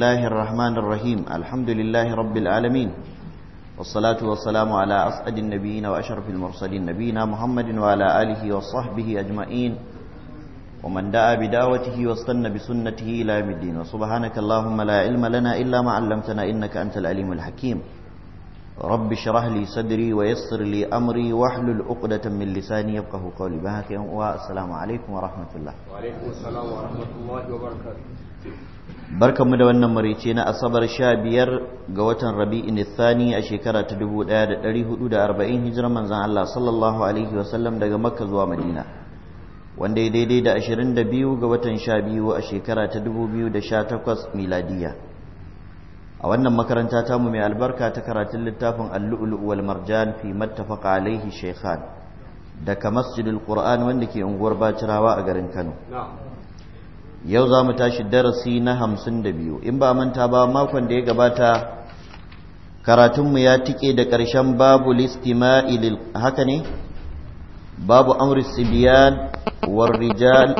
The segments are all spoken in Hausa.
الله الرحمن الرحيم الحمد لله رب العالمين والصلاة والسلام على أسعد النبيين وأشرف المرسلين نبينا محمد وعلى آله وصحبه أجمعين ومن دعا بدعوته واستنى بسنته إلى يوم الدين وسبحانك اللهم لا علم لنا إلا ما علمتنا إنك أنت العليم الحكيم رب اشرح لي صدري ويسر لي أمري واحلل عقدة من لساني يفقه قولي بهك والسلام عليكم ورحمة الله وعليكم السلام ورحمة الله وبركاته mu da wannan marice na asabar sha biyar ga watan rabi'in thani a shekara ta dubu ɗaya da ɗari hudu da arba'in hijirar manzan Allah sallallahu alaihi wasallam daga makka zuwa madina wanda ya daidai da ashirin da biyu ga watan sha biyu a shekara ta dubu biyu da sha takwas miladiya a wannan makaranta ta mu mai albarka ta karatun littafin allu'ulu wal marjan fi mattafaqa alaihi shaykhan daga masjidul qur'an wanda ke unguwar bacirawa a garin kano yau za mu tashi darasi na hamsin da biyu in ba manta ba makon da ya gabata karatunmu ya tike da ƙarshen babu listima'i haka ne babu amri sibiyan warrijal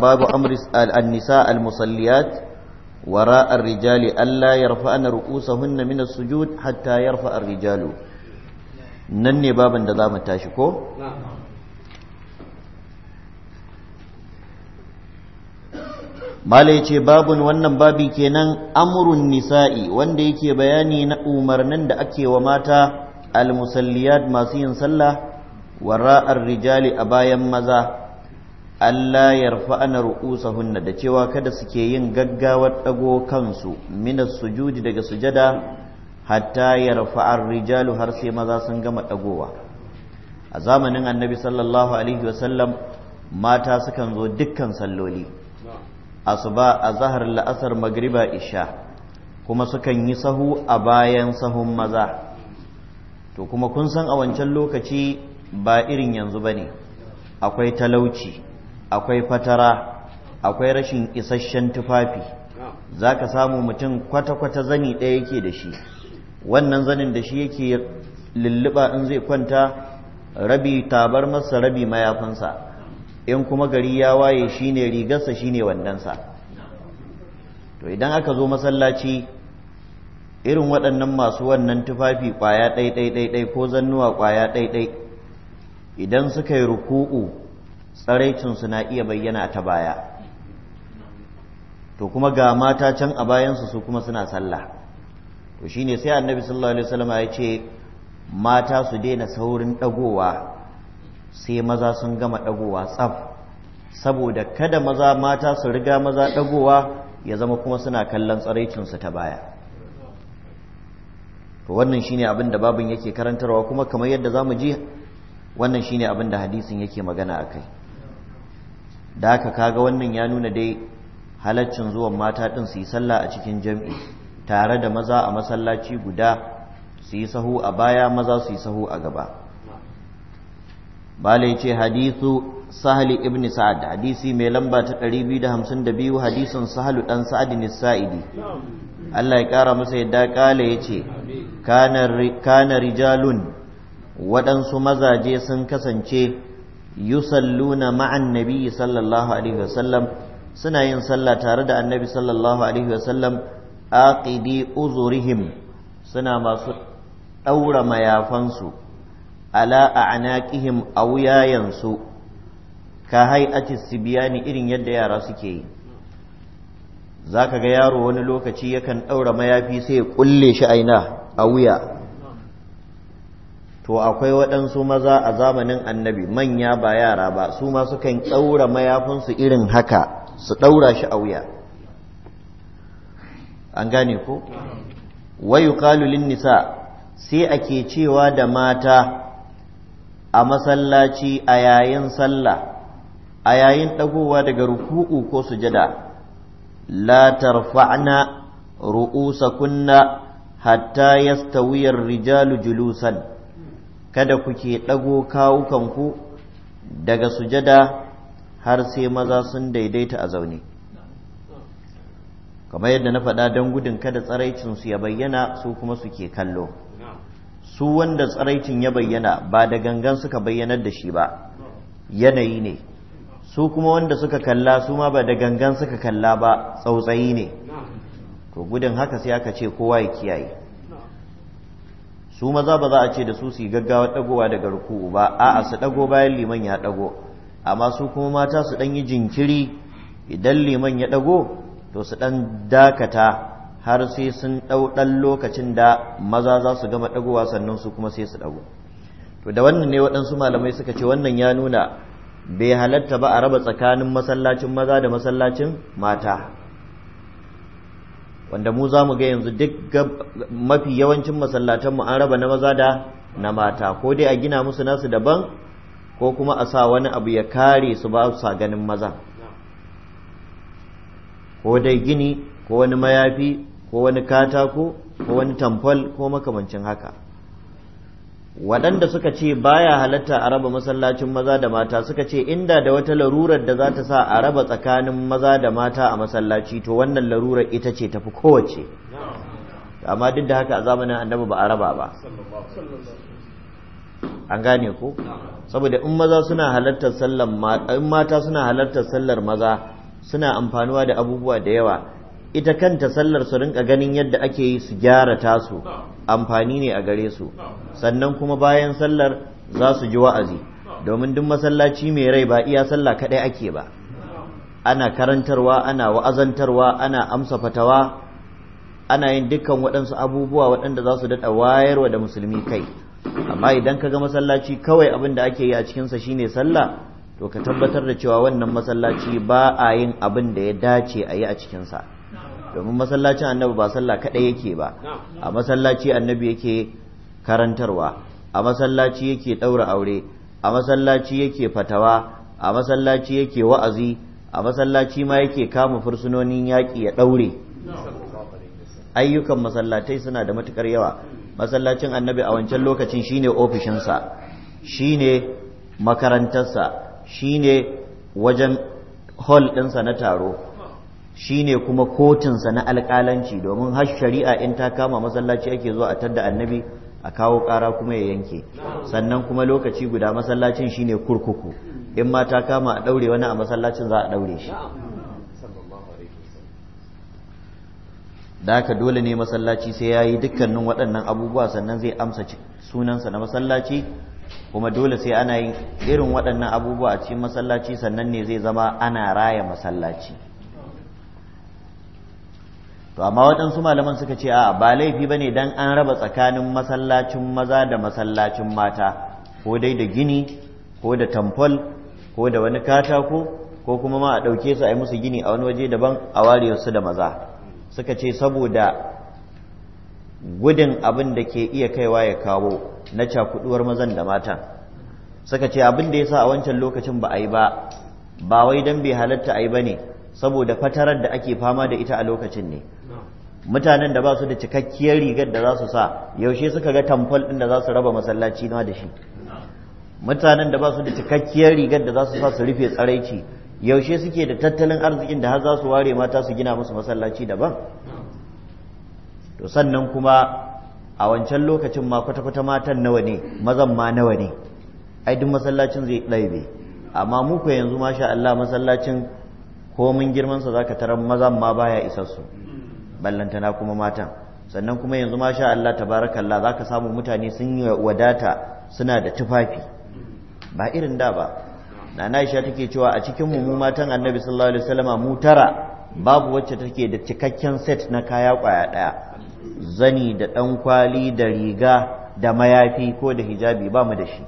babu amri annisa almusalliyat wara arrijali alla yarfa an ru'usahunna min as-sujud hatta rufa a rijalu nan ne baban da za mu tashi ko malai ce babun wannan babi kenan Amurun nisa'i wanda yake bayani na umarnin da ake wa mata almusalliyat masu yin sallah wara'ar rijali a bayan maza Allah ya yarfa'ana hunna da cewa kada suke yin gaggawar ɗago kansu minas sujudi daga sujada hatta ya rufa'ar rijalu har sai maza sun gama ɗagowa. a zamanin annabi sallallahu alaihi wasallam mata sukan zo dukkan salloli asuba a zahar la'asar magriba isha kuma sukan yi sahu a bayan sahun maza to kuma kun san a wancan lokaci ba irin yanzu ba ne akwai talauci akwai fatara akwai rashin isasshen tufafi za ka samu mutum kwata-kwata zani ɗaya yake da shi wannan zanin da shi yake lulluɓa in zai kwanta rabi tabar masa rabi mayafinsa in kuma gari ya waye shi ne rigarsa shi ne wandansa to idan aka zo masallaci irin waɗannan masu wannan tufafi ƙwaya ɗai-ɗai-ɗai ko zannuwa ƙwaya ɗai-ɗai idan suka yi ruku'u tsaraicinsu na iya bayyana ta baya to kuma ga mata can a bayansu su kuma suna sallah to shine sai annabi sallallahu alaihi wasallam ya ce mata su daina saurin ɗagowa sai maza sun gama ɗagowa tsaf saboda kada maza mata su riga maza ɗagowa ya zama kuma suna kallon tsaraicinsu ta baya to wannan shine abin da babin yake karantarwa kuma kamar yadda za mu ji wannan shine abin da hadisin yake magana a kai da haka kaga wannan ya nuna dai halaccin zuwan mata ɗin su yi sallah a cikin jam'i tare da maza a masallaci guda su yi sahu a baya maza su yi sahu a gaba bala ce hadithu sahali ibn sa'ad hadisi mai lamba ta 252 hadisin sahalu ɗan sa'ad ne sa'idi Allah ya kara masa yadda kala yace kana rijalun waɗansu mazaje sun kasance yusalluna ma'an nabi sallallahu alaihi wasallam suna yin sallah tare da annabi sallallahu alaihi wasallam aqidi uzurihim suna masu ɗaura mayafansu ala a'naqihim a wuyayensu ka hay'ati sibiyani irin yadda yara suke yi zaka ga yaro wani lokaci yakan ɗaura mayafi sai ya kulle shi aina a wuya to akwai waɗansu maza a zamanin annabi manya ba yara ba su ma sukan ɗaura mayafinsu irin haka su ɗaura shi a wuya an gane ko wayu kalulin nisa sai ake cewa da mata a masallaci a yayin sallah a yayin ɗagowa daga ruku'u ko sujada la tarfa'na kunna, hatta yastawiyar rijalu julusan kada kuke ɗago ku daga sujada har sai maza sun daidaita a zaune kamar yadda na faɗa don gudun kada tsaraicinsu ya bayyana su kuma suke kallo su wanda tsaraicin ya bayyana ba da gangan suka bayyanar da shi ba yanayi ne su kuma wanda suka kalla su ma ba da gangan suka kalla ba tsautsayi ne to gudun haka sai aka ce kowa ya kiyaye su maza ba za a ce da su su yi gaggawa dagowa daga ruku'u ba a'a su dago bayan liman ya dago amma su kuma mata su dan yi jinkiri idan liman ya dago to su dan dakata har sai sun ɗau ɗan lokacin da maza za su gama ɗagowa sannan su kuma sai su ɗago to da wannan ne waɗansu malamai suka ce wannan ya nuna bai halatta ba a raba tsakanin masallacin maza da masallacin mata wanda mu za mu ga yanzu duk mafi yawancin masallatanmu an raba na maza da na mata ko dai a gina musu nasu daban ko kuma a sa wani abu ya kare su ba sa ganin maza ko dai gini ko wani mayafi ko wani katako ko wani tamfol ko makamancin haka waɗanda suka ce baya halatta a raba masallacin maza da mata suka ce inda da wata larurar da za ta sa a raba tsakanin maza da mata a masallaci to wannan larurar ita ce tafi kowace amma duk da haka a zamanin annabi ba a raba ba an gane ko saboda in maza mata suna halartar sallar maza suna amfanuwa da abubuwa da yawa ita kanta sallar su rinka ganin yadda ake yi su gyara tasu amfani ne a gare su sannan kuma bayan sallar za su ji wa'azi domin duk masallaci mai rai ba iya sallah kaɗai ake ba ana karantarwa ana wa'azantarwa ana amsa fatawa ana yin dukkan waɗansu abubuwa waɗanda za su daɗa wayarwa da musulmi kai amma idan ka ga masallaci kawai abin da ake yi a cikinsa shine sallah to ka tabbatar da cewa wannan masallaci ba a yin abin da ya dace a yi a cikinsa domin masallacin annabi ba sallah kaɗai yake ba a masallaci annabi yake karantarwa a masallaci yake ɗaura aure a masallaci yake fatawa a masallaci yake wa'azi a masallaci ma yake kama fursunonin yaƙi ya ɗaure ayyukan masallatai suna da matuƙar yawa masallacin annabi a wancan lokacin shine ofishinsa shine makarantarsa shine wajen hall ɗinsa na taro Shi ne kuma kotinsa na alƙalanci domin har shari'a in ta kama masallaci ake zuwa a tadda annabi a kawo ƙara kuma ya yanke sannan kuma lokaci guda masallacin ne kurkuku in ma ta kama a ɗaure wani a masallacin za a ɗaure shi da haka dole ne masallaci sai ya yi dukkanin waɗannan abubuwa sannan zai amsa sunansa na masallaci kuma dole sai ana yin irin waɗannan abubuwa a cikin masallaci sannan ne zai zama ana raya masallaci to amma waɗansu malaman suka ce a ba laifi ba ne don an raba tsakanin masallacin maza da masallacin mata ko dai da gini ko da tamfol ko da wani katako ko kuma ma a ɗauke su a yi musu gini a wani waje daban a ware su da maza suka ce saboda gudun abin da ke iya kaiwa ya kawo na cakuduwar mazan da matan suka ce abin da ya sa a wancan lokacin ba a yi ba ba wai don bai halatta a yi ba ne saboda fatarar da ake fama da ita a lokacin ne mutanen da ba su da cikakkiyar rigar da za su sa yaushe suka ga tamfol ɗin da za su raba masallaci na da shi mutanen da ba su da cikakkiyar rigar da za su sa su rufe tsaraici yaushe suke da tattalin arzikin da har za su ware mata su gina musu masallaci daban to sannan kuma a wancan lokacin ma kwata-kwata matan nawa ne mazan ma nawa ne ai duk masallacin zai be amma mu ko yanzu masha Allah masallacin komin girmansa zaka tarar mazan ma baya isassu su ballantana kuma matan sannan kuma yanzu masha Allah tabarakallah zaka samu mutane sun yi wadata suna da tufafi ba irin da ba na Aisha take cewa a cikin mu matan Annabi sallallahu alaihi wasallama mu tara babu wacce take da cikakken set na kaya kwaya daya zani da dan kwali da riga da mayafi ko da hijabi ba mu da shi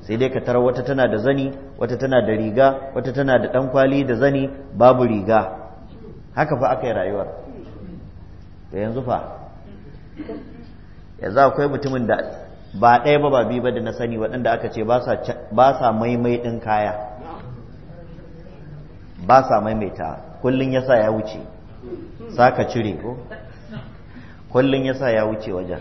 sai dai ka tarar wata tana da zani wata tana da riga wata tana da dan kwali da zani babu riga haka fa aka yi rayuwar to yanzu fa yanzu akwai mutumin da ba ɗaya ba ba biyu ba da na sani waɗanda aka ce ba sa maimai ɗin kaya ba sa maimaita kullum ya sa ya wuce sa ka cire ko kullum ya sa ya wuce wajen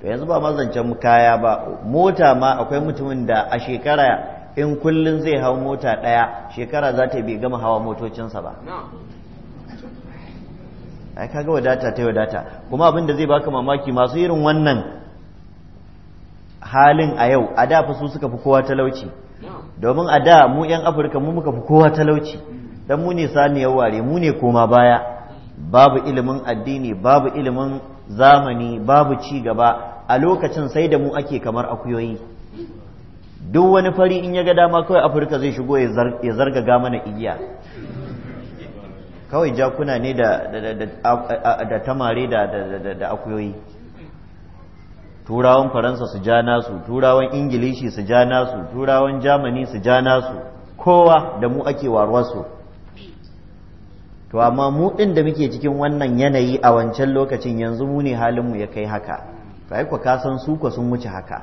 to yanzu ba mazancen kaya ba mota ma akwai mutumin da a shekara in kullum zai hau mota ɗaya shekara za ta bai gama hawa motocinsa ba ai kaga wadata ta wadata kuma abin da zai baka mamaki masu irin wannan halin a yau a da fa su suka fi kowa talauci domin a da mu yan afirka mu muka fi kowa talauci dan mu ne saniyar ware mu ne koma baya babu ilimin addini babu ilimin zamani babu ci gaba a lokacin sai da mu ake kamar akuyoyi duk wani fari in ya ga dama kawai afirka zai shigo ya zargaga mana igiya kawai jakuna ne da tamare da akuyoyi turawan faransa su ja nasu turawan ingilishi su ja nasu turawan jamani su ja nasu kowa da mu ake warwarsu to amma mu ɗin da muke cikin wannan yanayi a wancan lokacin yanzu mu ne halin mu ya kai haka sai ku kasan su ku sun wuce haka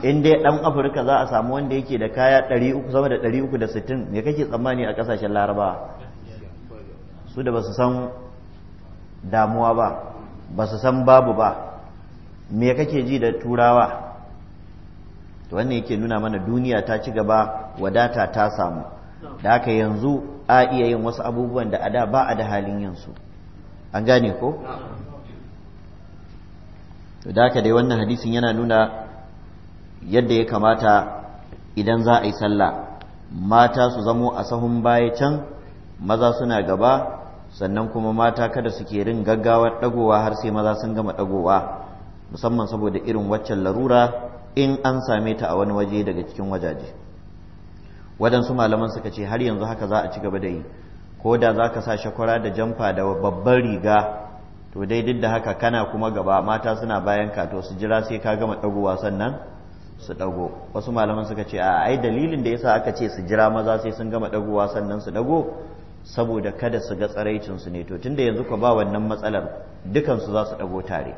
in dai dan afirka za a samu wanda yake da kaya 300 sama da 360 me kake tsammani a kasashen larabawa su da ba su san damuwa ba ba su san babu ba me kake ji da turawa to wannan yake nuna mana duniya ta ci gaba wadata ta samu da haka yanzu a iya yin wasu abubuwan da ada ba a da halin yansu an gane ko to da haka dai wannan hadisin yana nuna yadda ya kamata idan za a yi sallah mata su zamo a sahun baya can maza suna gaba sannan kuma mata kada suke rin gaggawa ɗagowa har sai maza sun gama ɗagowa musamman saboda irin waccan larura in an same ta a wani waje daga cikin wajaje waɗansu malaman suka ce har yanzu haka za a ci gaba da yi ko da za ka sa shakwara da jamfa da babban riga to dai duk da haka kana kuma gaba mata suna bayan ka to su jira sai ka gama dagowa sannan su dago wasu malaman suka ce a ai dalilin da yasa aka ce su jira maza sai sun gama dagowa sannan su ɗago? saboda kada su ga tsaraicinsu ne to tunda yanzu ku ba wannan matsalar dukansu za su ɗago tare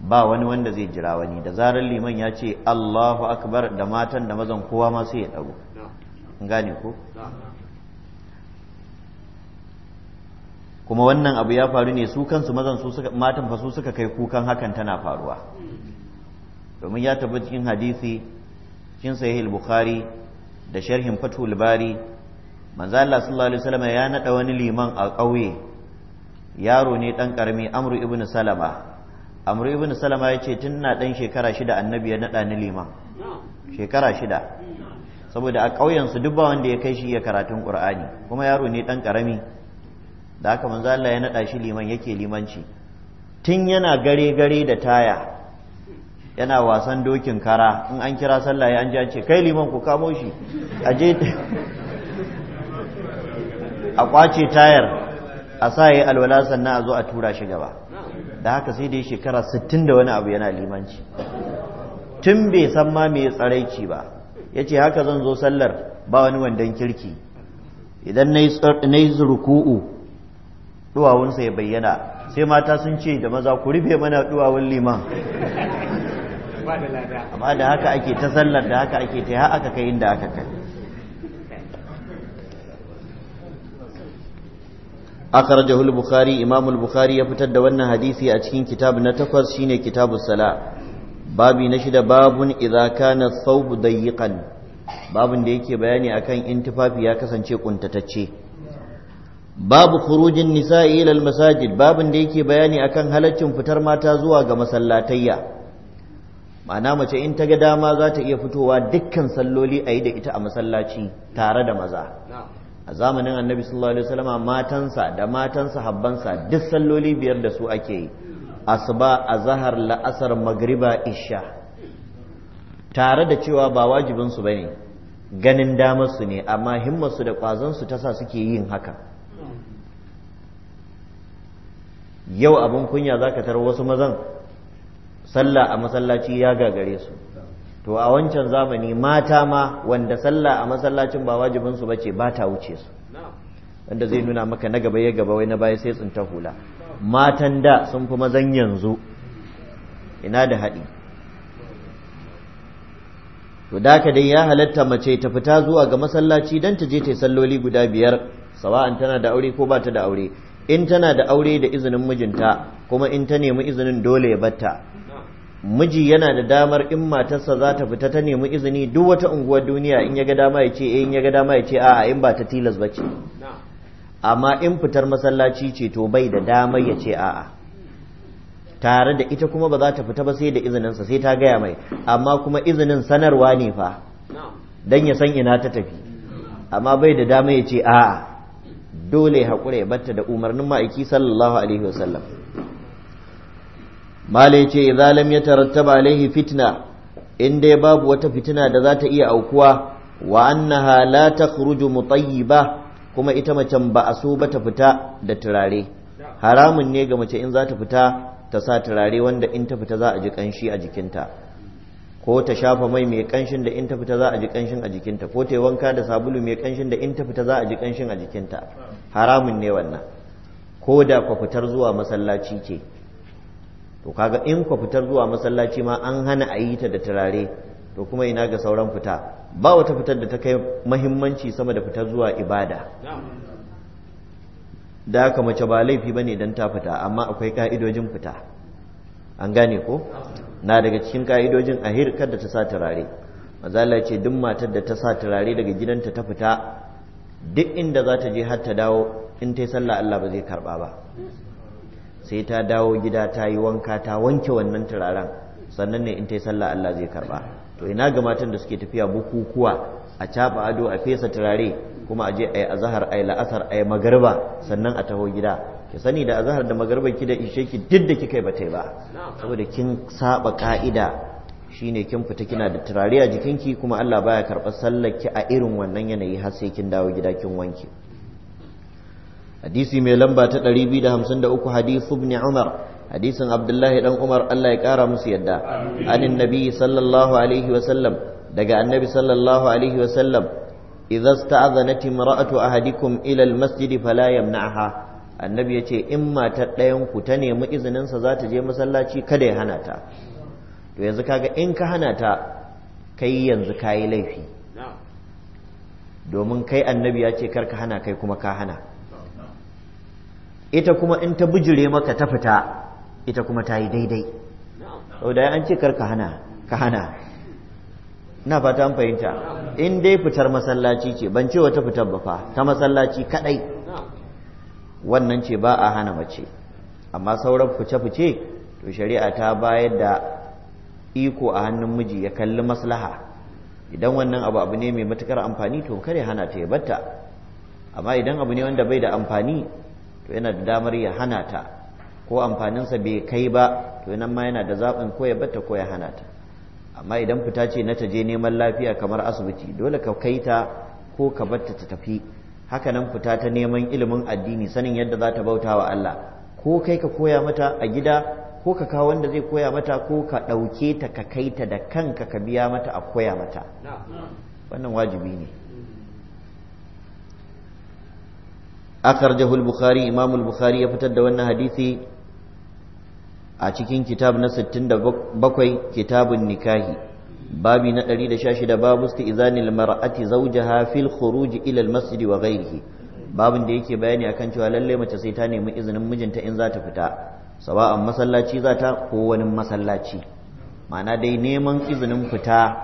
ba wani wanda zai jira wani da zarar liman ya ce Allahu akbar da matan da mazan kowa ma sai ya ɗago gane ko kuma wannan abu ya faru ne su kansu mazan su suka matan fa su suka kai kukan hakan tana faruwa domin ya tabbata cikin hadisi cikin sahih al-bukhari da sharhin fathul bari manzo Allah sallallahu alaihi wasallam ya nada wani liman a ƙauye yaro ne dan karami amru ibn Salama amru ibn Salama ya ce tun na dan shekara shida annabi ya nada ni liman shekara shida saboda a ƙauyen su duk ba wanda ya kai shi ya karatun Qur'ani kuma yaro ne dan karami da haka manzo Allah ya nada shi liman yake limanci tun yana gare gare da taya yana wasan dokin kara in an kira sallah ya an ji an ce kai liman ku kamo shi aje a kwace tayar a sa yi alwala sannan a zo a tura shi gaba da haka sai da dai shekara 60 da wani abu yana limanci tun bai san ma mai tsaraici ba ya ce haka zan zo sallar ba wani wandon kirki idan na yi zurku'u duwawunsa ya bayyana sai mata sun ce da maza ku rufe mana duwawun liman amma da haka ake ta sallar da haka ake ta haka kai inda aka kai akhrajahu al-bukhari imam al-bukhari ya fitar da wannan hadisi a cikin kitab na takwas shine kitabu sala babi na shida babun idza kana thawb dayiqan babun da yake bayani akan intifafi ya kasance kuntatacce babu khurujin nisa'i ila al-masajid babun da yake bayani akan halaccin fitar mata zuwa ga masallatayya ma'ana mace in ta ga dama za ta iya fitowa dukkan salloli a yi da ita a masallaci tare da maza a zamanin annabi sallallahu alaihi wasallam matansa da matansa habbansa duk salloli biyar da su ake yi asuba azhar la'asar magriba isha tare da cewa ba wajibin su bane ganin damar su ne amma himmar su da kwazon su tasa suke yin haka yau abin kunya zaka tar wasu mazan sallah a masallaci ya gagare su to a wancan zamani mata ma wanda sallah a masallacin ba wajibin su bace ba ta wuce su wanda zai nuna maka na gaba ya gaba wai na baya sai tsinta hula matan da sun fi mazan yanzu ina da haɗi to da ka dai ya halatta mace ta fita zuwa ga masallaci dan ta je ta salloli guda biyar sawa'an tana da aure ko ba ta da aure in tana da aure da izinin mijinta kuma in ta nemi izinin dole ya batta miji yana da damar in matarsa za ta fita ta nemi izini duk wata unguwar duniya in ya ga dama ya ce eh, in ya ga dama ya ce a'a in ba ta tilas ba ce amma in fitar masallaci ce to bai da damar ya ce a'a tare da ita kuma ba za ta fita ba sai da sa sai ta gaya mai amma kuma izinin sanarwa ne fa don ya san ina ta tafi amma bai da dama ya ce a'a dole haƙura ya batta da umarnin ma'aiki sallallahu alaihi wasallam malai ce zalam ya yatarattaba alaihi fitna in dai babu wata fitina da za ta iya aukuwa wa annaha la takhruju mutayyiba kuma ita macen ba a so ba ta fita da turare haramun ne ga mace in za ta fita ta sa turare wanda in ta fita za a ji kanshi a jikinta ko ta shafa mai mai kanshin da in ta fita za a ji kanshin a jikinta ko ta yi wanka da sabulu mai kanshin da in ta fita za a ji kanshin a jikinta haramun ne wannan ko da kwa fitar zuwa masallaci ce to kaga in ku fitar zuwa masallaci ma an hana a yi ta da turare to kuma ina ga sauran fita ba wata fitar da ta kai mahimmanci sama da fitar zuwa ibada da haka mace ba laifi bane dan ta fita amma akwai ka'idojin fita an gane ko na daga cikin ka'idojin ahir kada ta sa turare mazala ce duk matar da ta sa turare daga gidanta ta fita duk inda za ta je har ta dawo in ta yi sallah Allah ba zai karba ba sai ta dawo gida ta yi wanka ta wanke wannan turaren sannan ne in ta yi sallah Allah zai karba to ina ga matan da suke tafiya bukukuwa a caba ado a fesa turare kuma a je a yi azahar a yi la'asar a yi magarba sannan a taho gida ki sani da azahar da magarba ki da ishe ki duk da kika yi ba ta ba saboda kin saba ka'ida shine kin fita kina da turare a jikinki kuma Allah baya karɓar sallar ki a irin wannan yanayi har sai kin dawo gida kin wanke hadisi mai lamba ta 253 hadithu ibn umar hadisin abdullahi dan umar Allah ya kara musu yadda anin nabi sallallahu alaihi wa sallam daga annabi sallallahu alaihi wa sallam idza sta'adhanat imra'atu ahadikum ila al fala yamna'ha annabi yace in mata ɗayanku ku ta nemi izinin sa za ta je masallaci kada ya hana ta to yanzu kaga in ka hana ta kai yanzu kayi laifi domin kai annabi ya ce karka hana kai kuma ka hana ita kuma in ta bijire maka ta fita ita kuma ta yi daidai da an ce kar ka hana ka hana na fata an fahimta in dai fitar masallaci ce ban ce wata fitar ba fa ta masallaci kadai wannan ce ba a hana mace amma sauran fice-fice to shari'a ta bayar da iko a hannun miji ya kalli maslaha idan wannan abu abu ne mai matukar amfani to kare hana ta ya batta amma idan abu ne wanda bai da amfani to yana da damar ya hana ta ko amfaninsa bai kai ba to nan ma yana da zaɓin ko ya bata ko ya hana ta amma idan fita ce na ta je neman lafiya kamar asibiti dole ka kai ta ko ka bata ta tafi haka nan fita ta neman ilimin addini sanin yadda za ta bauta wa Allah ko kai ka koya mata a gida ko ka kawo wanda zai koya mata ko ka ɗauke ta ka kai ta da kanka ka biya mata a koya mata wannan wajibi ne Akkar al-bukhari imam al-bukhari ya fitar da wannan hadisi a cikin kitab na 67 kitabun nikahi babi na 116 babu isti'zanil mar'ati zawjaha fil khuruj ila al-masjid wa ghayrihi babin da yake bayani akan cewa lalle mace sai ta nemi izinin mijinta in za ta fita sawa'an masallaci za ta ko wani masallaci ma'ana dai neman izinin fita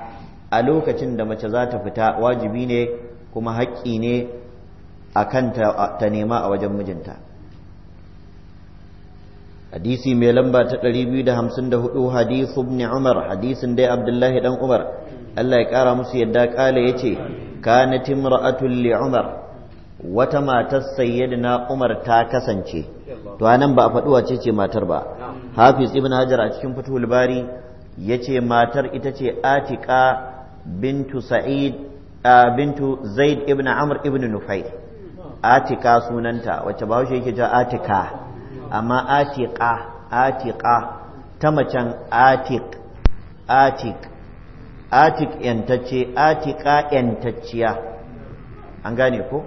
a lokacin da mace za ta fita wajibi ne kuma haƙƙi ne A kanta ta nema a wajen mijinta hadisi mai lamba ta 254 hadisu ibn Umar hadisin dai Abdullahi dan Umar Allah ya kara musu yadda kala yace kanat imra'atul li Umar wata matar sayyidina Umar ta kasance to anan ba a faɗi wace ce matar ba Hafiz ibn Hajar a cikin Fathul Bari yace matar ita ce Atika bintu Sa'id bintu Zaid ibn Amr ibn Nufayl atika sunanta wacce bahaushe yake ja atika amma atika atika ta macen atik atik atik yantacce atika yantacciya an gane ko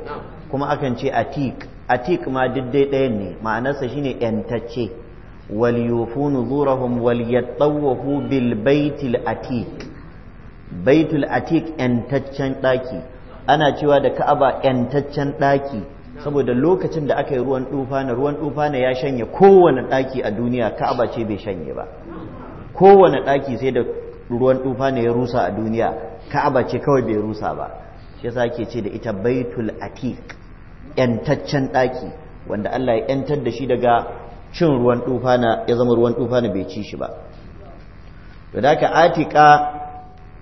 kuma akan ce atik atik ma diddai ɗayan ne ma'anarsa shine yantacce wal yufu nuzurahum wal yattawafu bil baitil atik baitul atik yantaccen ɗaki ana cewa da ka'aba yantaccen ɗaki saboda lokacin da aka yi ruwan na ruwan na ya shanye kowane ɗaki a duniya ka'aba ce bai shanye ba kowane ɗaki sai da ruwan na ya rusa a duniya ka'aba ce kawai bai rusa ba shi yasa ake ce da ita baitul atiq yantaccen ɗaki wanda Allah ya yantar da shi daga cin ruwan na ya zama ruwan na bai ci shi ba to da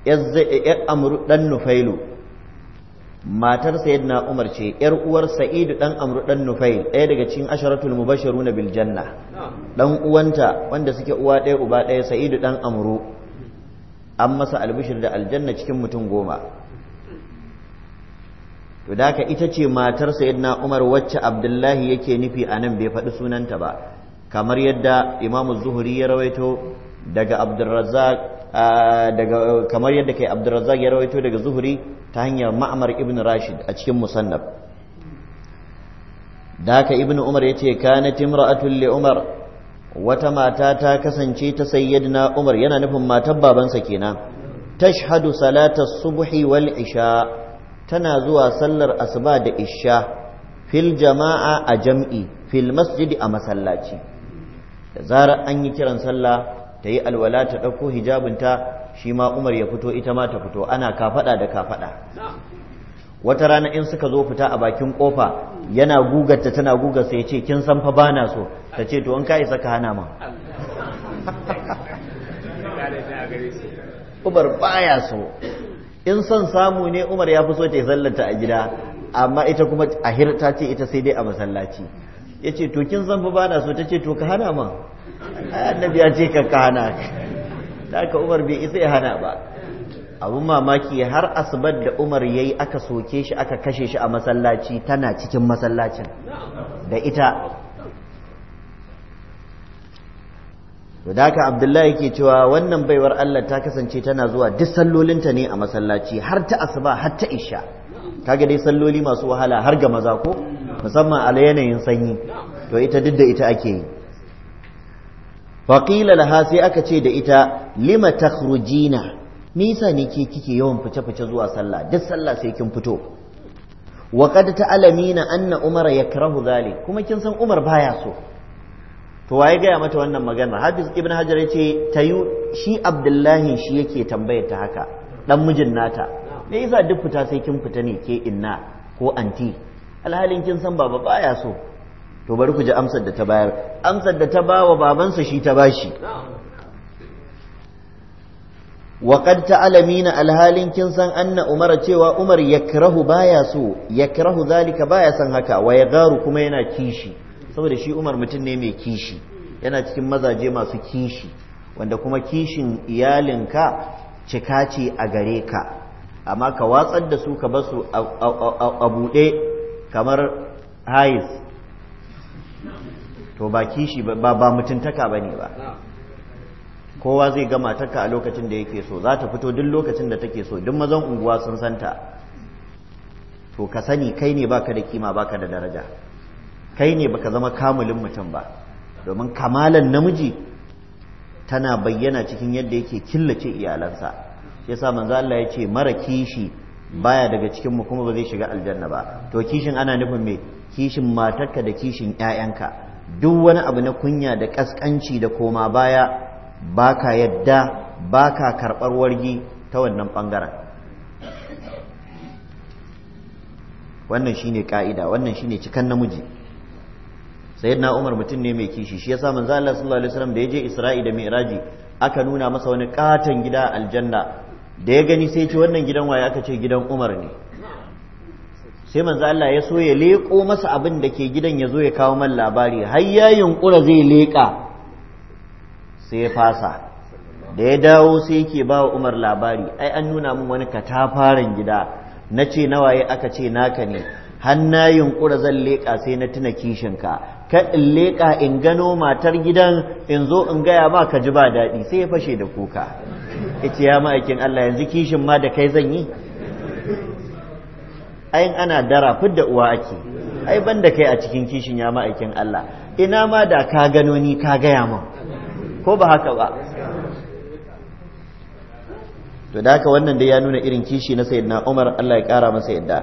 ya amru dan nufailu matar sayyidina umar ce yar uwar sa'idu dan amru dan nufail ɗaya daga cikin asharatul mubashiruna bil janna dan uwanta wanda suke uwa ɗaya uba ɗaya sa'idu dan amru an masa albishir da aljanna cikin mutum goma to da ita ce matar sayyidina umar wacce abdullahi yake nufi a nan bai faɗi sunanta ba kamar yadda imamu zuhuri ya rawaito daga abdurrazzaq daga kamar yadda kai abdurrazzak ya rawaito daga zuhuri ta hanyar ma'amar ibn Rashid a cikin Musannaf da haka Ibn Umar ya ce kana imra'atul li Umar wata mata ta kasance ta sayyidina Umar yana nufin matan babansa kenan tashhadu salatar subhi wal isha tana zuwa sallar asuba da isha fil jama'a a jam'i fil masjidi a masallaci da zarar an yi kiran sallah ta yi alwala ta ɗauko hijabinta shi ma umar ya fito ita ma ta fito ana kafaɗa da kafaɗa wata rana in suka zo fita a bakin kofa yana gugarta tana gugar sai ce kin san fa bana so ta ce to in ka isa ka hana ma Umar baya so in son samu ne Umar ya fi so ta zallanta a gida amma ita kuma a hirta ce ita sai dai a masallaci ce to kin san fa bana so ce to ka hana ma annabi ya ce ka kana da ka umar bai isa ya hana ba abun mamaki har asibar da umar ya yi aka soke shi aka kashe shi a masallaci tana cikin masallacin da ita da haka abdullahi ke cewa wannan baiwar allah ta kasance tana zuwa duk sallolinta ne a masallaci har ta asuba har ta isha kaga dai salloli masu wahala har ga maza ko musamman a yanayin sanyi to ita duk da ita ake yi faƙila ha sai aka ce da ita lima Rujina, nisa ne ke kike yawan fice-fice zuwa sallah duk sallah sai kin fito wa ta alamina anna umara yakrahu zali kuma kin san umar baya so to ya gaya mata wannan magana hafiz ibn hajar yace yi shi abdullahi shi yake tambayar ta haka ɗan mijin nata me yasa duk fita sai kin fita ne ke inna ko anti alhalin kin san baba baya so to bari ku ji amsar da ta bayar amsar da ta bawa babansa shi ta bashi wa qad ta'lamina alhalin kin san anna umar cewa umar yakrahu baya so yakrahu zalika baya san haka wa yagaru kuma yana kishi saboda shi umar mutum ne mai kishi yana cikin mazaje masu kishi wanda kuma kishin iyalinka cika ce a gare ka amma ka watsar da su ka basu a buɗe kamar hais to ba kishi ba mutuntaka ba ne ba kowa zai ga matarka a lokacin da yake so za ta fito duk lokacin da take so duk mazan unguwa sun santa to ka sani kai ne baka da kima baka da daraja kai ne baka zama kamulin mutum ba domin kamalan namiji tana bayyana cikin yadda yake killace iyalansa shi yasa manzo Allah ya ce mara kishi baya daga cikin mu kuma ba zai shiga aljanna ba to kishin ana nufin me kishin matarka da kishin ƴaƴanka duk wani abu na kunya da ƙasƙanci da koma baya ba ka yadda ba ka karɓar wargi ta wannan ɓangaren wannan shi ne ƙa'ida wannan shi ne cikan namiji na umar mutum ne mai kishi shi ya samun zala sallallahu alaihi wasallam da je Isra'i da mai aka nuna masa wani katon gida aljanna da ya gani sai ce wannan gidan waye aka ce gidan Umar ne sai manzo Allah ya so ya leko masa abin da ke gidan ya zo ya kawo man labari har ya yunkura zai leka sai ya fasa da ya dawo sai yake ba wa Umar labari ai an nuna min wani katafaren gida na ce ya aka ce naka ne har na yunkura zan leƙa sai na tuna kishin ka in leƙa in gano matar gidan in zo in gaya ba ka ji ba daɗi sai ya fashe da kuka ita ya ma'aikin Allah yanzu kishin ma da kai zan yi ayin ana dara fidda uwa ake ai ban da kai a cikin kishin ya ma'aikin Allah ina ma da ka gano ni ka gaya min ko ba haka ba to da haka wannan dai ya nuna irin kishi na sayyidina Umar Allah ya kara masa yadda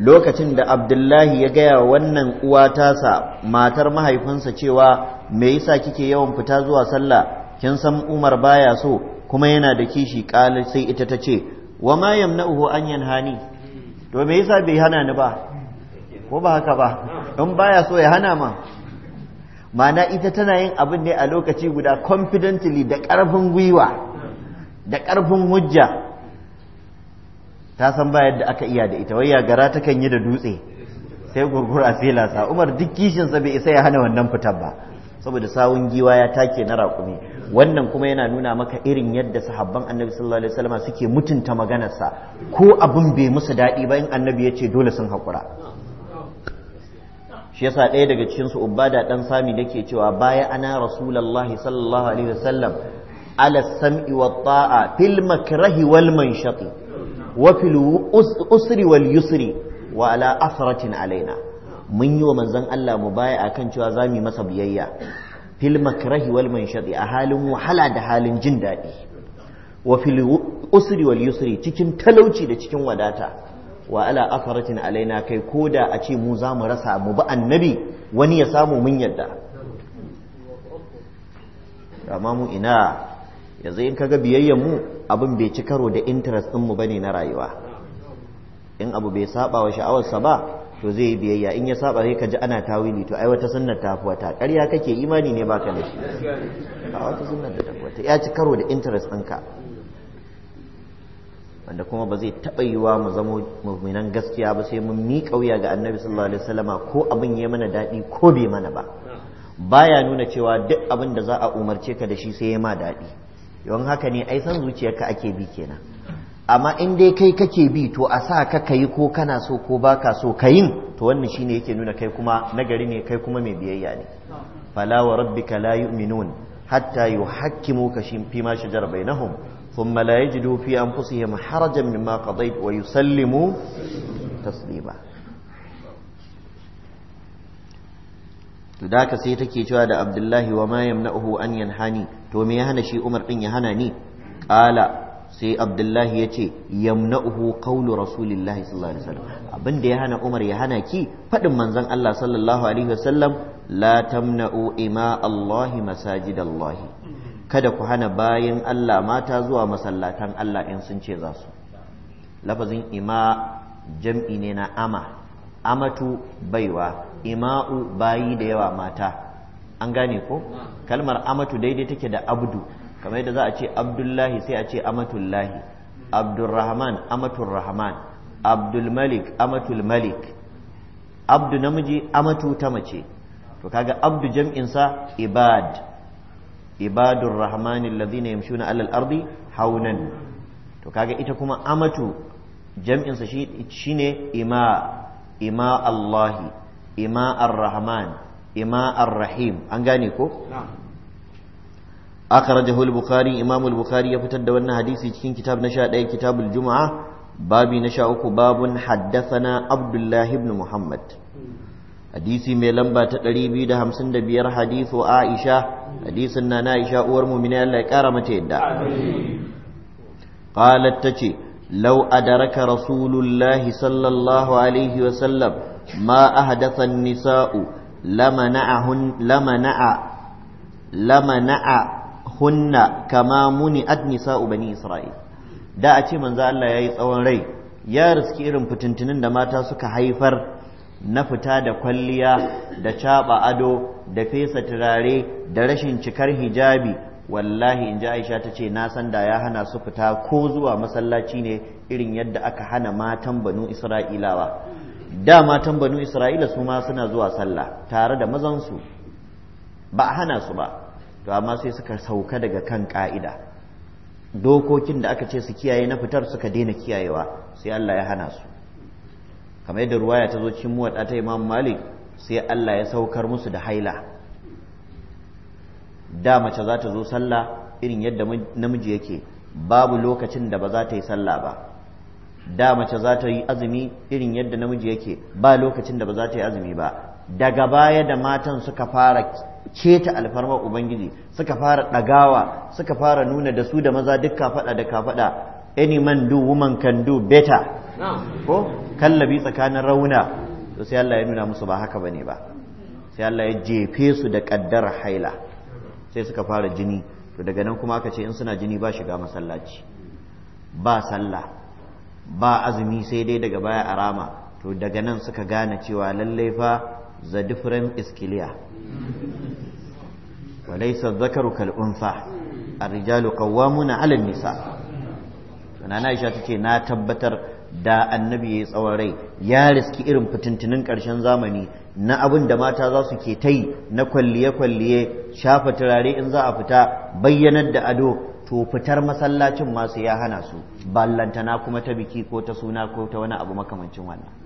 lokacin da Abdullahi ya gaya wannan uwa tasa matar mahaifinsa cewa me yasa kike yawan fita zuwa sallah kin san Umar baya so kuma yana da kishi kala sai ita ta ce wa ma yamna'uhu an yanhani to me yasa bai hana ni ba ko ba haka ba in baya so ya hana ma Mana ita tana yin abin ne a lokaci guda confidently da ƙarfin gwiwa da ƙarfin hujja ta san bayar yadda aka iya da ita wai ya gara ta kan yi da dutse sai gurgura sai lasa umar duk kishinsa bai isa ya hana wannan fitar ba saboda sawun giwa ya take na raƙumi wannan kuma yana nuna maka irin yadda sahabban annabi sallallahu alaihi wasallam suke mutunta maganarsa ko abin bai musu daɗi ba in annabi ya ce dole sun haƙura shi yasa ɗaya daga cikin su ubada dan sami dake cewa baya ana rasulullahi sallallahu alaihi wasallam ala sam'i wa ta'a fil makrahi wal manshati wa fil usri wal yusri wa ala asratin alaina mun yi wa manzon Allah mu baya a kan cewa za mu masa biyayya fil makrahi wal manshadi a halin wahala da halin jin daɗi wa fil usri wal yusri cikin talauci da cikin wadata wa ala afaratin alaina kai koda a ce mu za mu rasa mu bi annabi wani ya samu mun yadda amma mu ina yanzu in kaga biyayyan mu abin bai ci karo da interest mu bane na rayuwa in abu bai saba wa sha'awarsa ba to zai biyayya in ya saba sai ka ji ana tawili to ai wata sunnar ta fi wata ƙarya kake imani ne baka da shi a wata sunnar da wata ya ci karo da interest ɗinka wanda kuma ba zai taɓa yiwa mu zamo muminan gaskiya ba sai mun miƙa wuya ga annabi sallallahu alaihi wasallama ko abin ya mana daɗi ko bai mana ba baya nuna cewa duk abin da za a umarce ka da shi sai ya ma daɗi yawan haka ne ai san zuciyarka ake bi kenan amma in dai kai kake bi to a sa ka kayi ko kana so ko baka so kayin to wannan shine yake nuna kai kuma nagari ne kai kuma mai biyayya ne fala wa rabbika la yu'minun hatta yuhakkimuka fi ma shajara bainahum thumma la yajidu fi anfusihim harajan mimma qadayt wa yusallimu taslima to da ka sai take cewa da Abdullahi wa ma yamna'uhu an yanhani to me ya hana shi Umar din ya hana ni qala sai abdullahi ya ce yamna'uhu qawlu rasulillahi sallallahu alaihi wasallam abin da ya hana umar ya hana ki faɗin manzon Allah sallallahu alaihi wasallam la tamna'u ima Allahi Allah. kada ku hana bayan Allah mata zuwa masallatan Allah in sun ce za su lafazin ima jam'i ne na ama amatu baiwa ima'u bayi da yawa mata an gane ko kalmar amatu daidai take da abdu kamar yadda za a ce abdullahi sai a ce amatullahi Abdulrahman, Amaturrahman; Abdulmalik, Amatulmalik; abdu namiji amatu ta mace to kaga abdu jam'insa ibad ibadur rahman alladhina yamshuna alal ardi haunan to kaga ita kuma amatu jam'insa shine ima ima allahi ima ar-rahman ima arrahim, rahim an gane ko na'am akhrajahu al-bukhari imam al ya fitar da wannan hadisi cikin kitab na 11 kitabul juma'a babi na 13 babun haddathana abdullah ibn muhammad hadisi mai lamba ta 255 hadithu aisha hadisin na aisha uwar mu'mina Allah ya kara mata yadda qalat tace law adaraka rasulullah sallallahu alaihi wa sallam ma ahdatha an-nisa'u lamana'a hunna kama muni adnisa bani isra'il da a ce manzo Allah yayi tsawon rai ya riski irin fitintunin da mata suka haifar na fita da kwalliya da caba ado da fesa turare da rashin cikar hijabi wallahi in ji aisha ta ce na san da ya hana su fita ko zuwa masallaci ne irin yadda aka hana matan banu isra'ilawa da matan banu isra'ila su ma suna zuwa sallah tare da mazansu ba a hana su ba to amma sai suka sauka daga kan ka'ida dokokin da aka ce su kiyaye na fitar suka daina kiyayewa sai Allah ya hana su kamar yadda ruwaya ta zo cikin muwadda ta Imam Malik sai Allah ya saukar musu da haila da mace za ta zo sallah irin yadda namiji yake babu lokacin da ba za ta yi sallah ba da mace za ta yi azumi irin yadda namiji yake ba lokacin da ba za ta yi azumi ba daga baya da matan suka fara keta alfarmar ubangiji suka fara ɗagawa suka fara nuna da su da maza duk kafaɗa da kafaɗa any man do woman can do better ko kallabi tsakanin rauna to sai Allah ya nuna musu ba haka bane ba sai Allah ya jefe su da kaddar haila sai suka fara jini to daga nan kuma aka ce in suna jini ba shiga masallaci ba sallah ba azumi sai dai daga baya arama to daga nan suka gane cewa lallai fa the different is clear walaysa dhakaru kal rijalu qawwamuna 'ala an-nisa na Aisha ce na tabbatar da annabi yayi tsawon rai ya riski irin fitintinin ƙarshen zamani na abin da mata za su ke ta yi na kwalliye-kwalliye shafa turare in za a fita bayyanar da ado to fitar masallacin masu ya hana su ballantana kuma ta biki ko ta suna ko ta wani abu makamancin wannan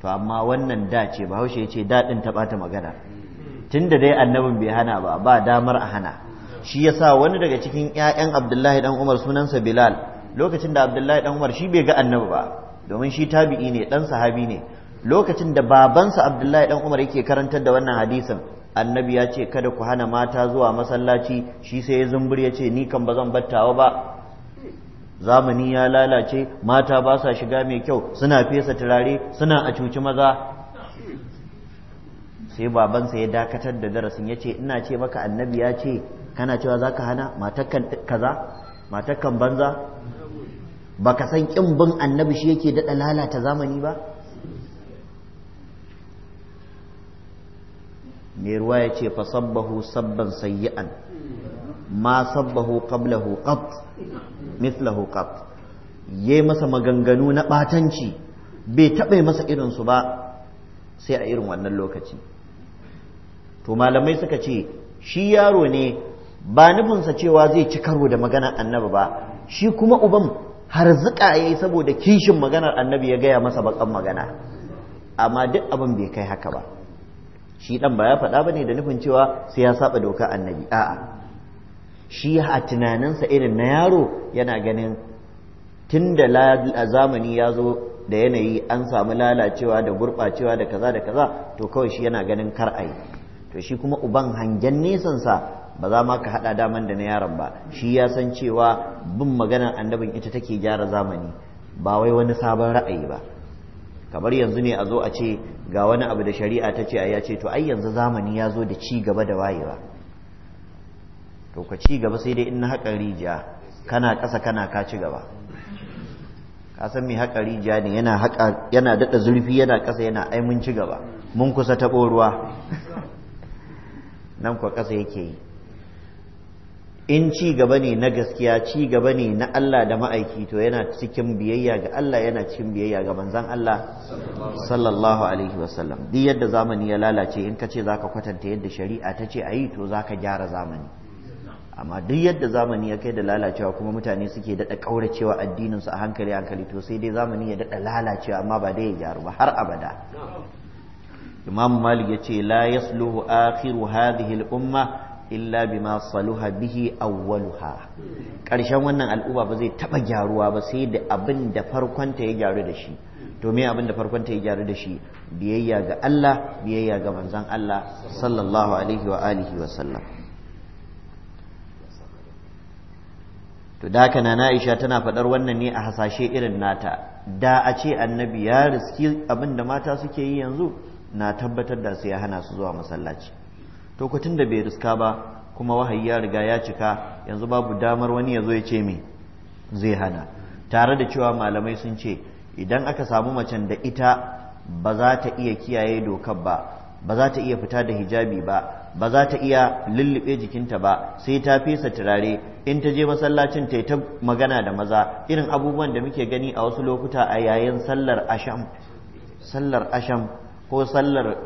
to amma wannan da ce bahaushe ya ce daɗin ta bata magana tunda dai annabin bai hana ba ba damar a hana shi yasa wani daga cikin 'ya'yan Abdullahi dan Umar sunansa Bilal lokacin da Abdullahi dan Umar shi bai ga annabi ba domin shi tabi'i ne dan sahabi ne lokacin da babansa Abdullahi dan Umar yake karantar da wannan hadisin annabi ya ce kada ku hana mata zuwa masallaci shi sai ya zumbur ya ce ni kan ba zan battawa ba zamani ya lalace mata ba sa shiga mai kyau suna fesa turare suna a cuci maza sai babansa ya dakatar da darasin ya ce ina ce maka annabi ya ce kana cewa za ka hana matakan kaza matakan banza ba ka san ƙin bin annabi shi yake daɗa lalata zamani ba mai ruwa ya ce fasabbahu sabban sayyi'an ma sabbahu qablahu qat mithlahu qat yayi masa maganganu na batanci bai taɓa masa irin su ba sai a irin wannan lokaci to malamai suka ce shi yaro ne ba nufinsa cewa zai ci karo da maganar annabi ba shi kuma uban harzuka ya yi saboda kishin maganar annabi ya gaya masa baƙan magana amma duk abin bai kai haka ba shi ɗan ba ya faɗa ba ne da nufin cewa sai ya saba doka annabi a'a shi a tunaninsa irin na yaro yana ganin tun da zamani ya zo da yanayi an samu lalacewa da gurɓacewa da kaza da kaza to kawai shi yana ganin kar a to shi kuma uban hangen nesansa ba za ma ka haɗa daman da na yaron ba shi ya san cewa bin maganar annabin ita take gyara zamani ba wai wani sabon ra'ayi ba kamar yanzu ne a zo a ce ga wani abu da shari'a ta ce a ya ce to ai yanzu zamani ya zo da ci gaba da wayewa to ka ci gaba sai dai in na haƙa rijiya kana ƙasa kana ka ci gaba ka san mai haƙa rijiya ne yana haƙa yana daɗa zurfi yana ƙasa yana ai mun ci gaba mun kusa taɓo ruwa nan kwa ƙasa yake yi in ci gaba ne na gaskiya ci gaba ne na Allah da ma'aiki to yana cikin biyayya ga Allah yana cikin biyayya ga manzan Allah sallallahu alaihi wasallam duk yadda zamani ya lalace in ka ce zaka kwatanta yadda shari'a ta ce a yi to zaka gyara zamani amma duk yadda zamani ya kai da lalacewa kuma mutane suke daɗa ƙauracewa addinin su a hankali hankali to sai dai zamani ya daɗa lalacewa amma ba dai ya gyaru ba har abada imam malik ya ce la yasluhu akhiru hadhihi al-umma illa bima saluha bihi awwaluha ƙarshen wannan al'umma ba zai taɓa gyaruwa ba sai da abin da ta ya gyaru da shi to me abin da ta ya gyaru da shi biyayya ga Allah biyayya ga manzon Allah sallallahu alaihi wa alihi wa sallam to da haka na Aisha tana faɗar wannan ne a hasashe irin nata da a ce annabi ya riski abin da mata suke yi yanzu na tabbatar da su ya hana su zuwa masallaci to ku da bai riska ba kuma wahayi ya riga ya cika yanzu babu damar wani ya zo ya ce me zai hana tare da cewa malamai sun ce idan aka samu macen da ita ba za ta iya kiyaye dokar ba ba za ta iya fita da hijabi ba ba za ta iya lullube jikinta ba sai ta fesa turare in ta je masallacin ta ta magana da maza irin abubuwan da muke gani a wasu lokuta a yayin sallar asham sallar asham ko sallar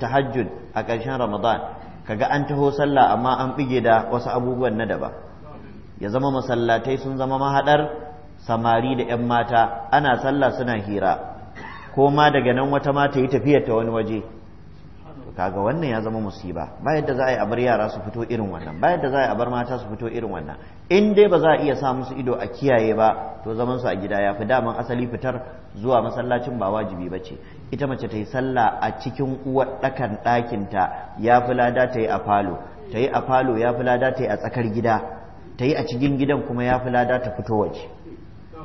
tahajjud a ƙarshen ramadan kaga an taho sallah amma an bige da wasu abubuwan na daba ya zama masallatai sun zama mahaɗar samari da 'yan mata ana sallah suna hira ko ma daga nan wata mata yi tafiyar ta wani waje kaga wannan ya zama musiba ba yadda za a yi a bar yara su fito irin wannan ba yadda za a yi a bar mata su fito irin wannan in dai ba za a iya sa musu ido a kiyaye ba to zaman su a gida ya fi daman asali fitar zuwa masallacin ba wajibi ba ce ita mace ta yi sallah a cikin uwar ɗakan ɗakinta ya fi lada ta yi a falo ta yi a falo ya fi lada ta yi a tsakar gida ta yi a cikin gidan kuma ya fi lada ta fito waje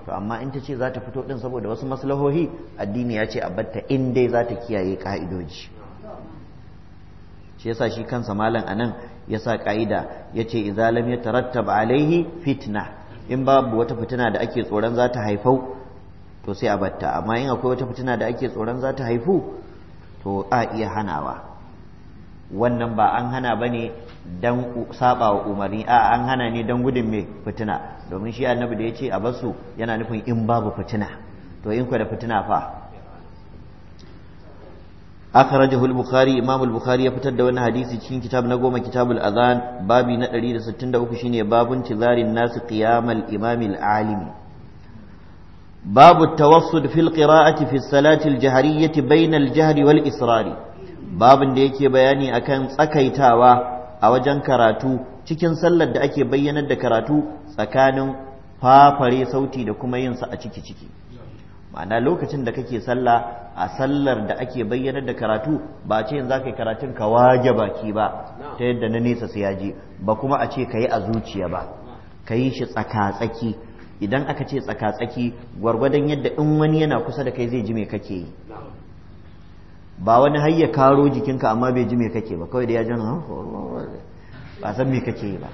to amma in ta ce za ta fito din saboda wasu maslahohi addini ya ce a batta in dai za ta kiyaye ka'idoji shi yasa shi kansa malam anan ya sa ka'ida ya ce idza lam yatarattab alaihi fitna in babu wata fitina da ake tsoron za ta haifau to sai a batta amma in akwai wata fitina da ake tsoron za ta haifu to a iya hanawa wannan ba an hana ba ne don saba wa umarni a an hana ne don gudun mai fitina domin shi annabi da ya ce a basu yana nufin in babu fitina to in kwa da fitina fa akhrajahu al-bukhari imam al-bukhari ya fitar da wani hadisi cikin kitab na goma kitabul azan babi na 163 shine babun tizarin nas qiyamal imam al-alimi babu tawassud fil qira'ati fi salati al jihari bayna al-jahri wal israri babun da yake bayani akan tsakaitawa a wajen karatu cikin sallar da ake bayyanar da karatu tsakanin fafare sauti da kuma yinsa a ciki ciki ma'ana lokacin da kake sallah a sallar da ake bayyanar da karatu ba a ce za ka yi karatun ka waje baki ba ta yadda na nesa sai ya je ba kuma a ce ka yi a zuciya ba ka yi shi tsaka-tsaki idan aka ce tsaka-tsaki gwargwadon yadda in wani yana kusa da kai zai ji me kake yi ba wani har ya karo jikinka amma bai ji me kake ba kawai da ya ji ba san me kake yi ba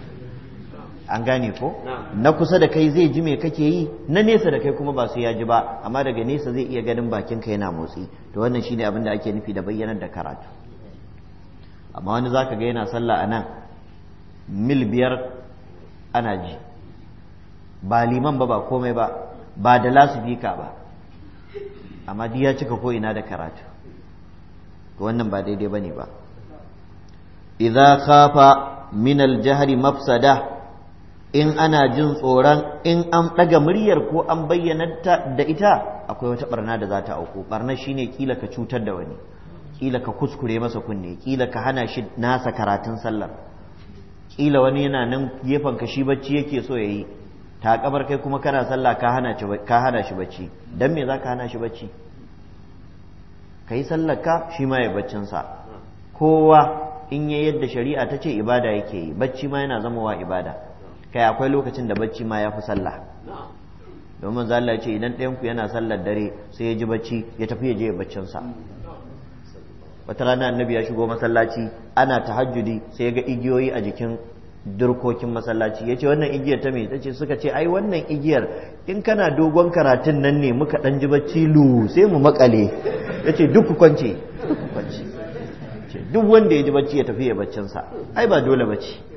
an gane ko na kusa da kai zai ji me kake yi na nesa da kai kuma ba su ya ji ba amma daga nesa zai iya ganin bakin ka yana motsi to wannan shine abin da ake nufi da bayyanar da karatu amma wani zaka ga yana sallah anan mil biyar ana ji ba liman ba ba komai ba ba da bika ba amma duk ya cika ko ina da karatu to wannan ba daidai bane ba idza khafa min al-jahri mafsada in ana jin tsoron in an ɗaga muryar ko an bayyana da ita akwai wata barna da za ta auku barna shine kila ka cutar da wani kila ka kuskure masa kunne kila ka hana shi nasa karatun sallar ƙila wani yana nan gefen ka shi bacci yake so yayi ta kabar kai kuma kana sallah ka hana shi bacci dan me zaka hana shi bacci kai sallar ka shi ma ya baccin sa kowa in ya yadda shari'a ta ce ibada yake yi bacci ma yana zama wa ibada kai akwai lokacin da bacci ma ya fi sallah domin zalla ce idan ɗayanku yana sallar dare sai ya ji bacci ya tafi ya je baccinsa wata rana annabi ya shigo masallaci ana tahajjudi sai ya ga igiyoyi a jikin durkokin masallaci ya ce wannan igiyar ta me ta ce suka ce ai wannan igiyar in kana dogon karatun nan ne muka ɗan ji bacci lu sai mu makale ya ce duk kwance duk wanda ya ji bacci ya tafi ya baccinsa ai ba dole bacci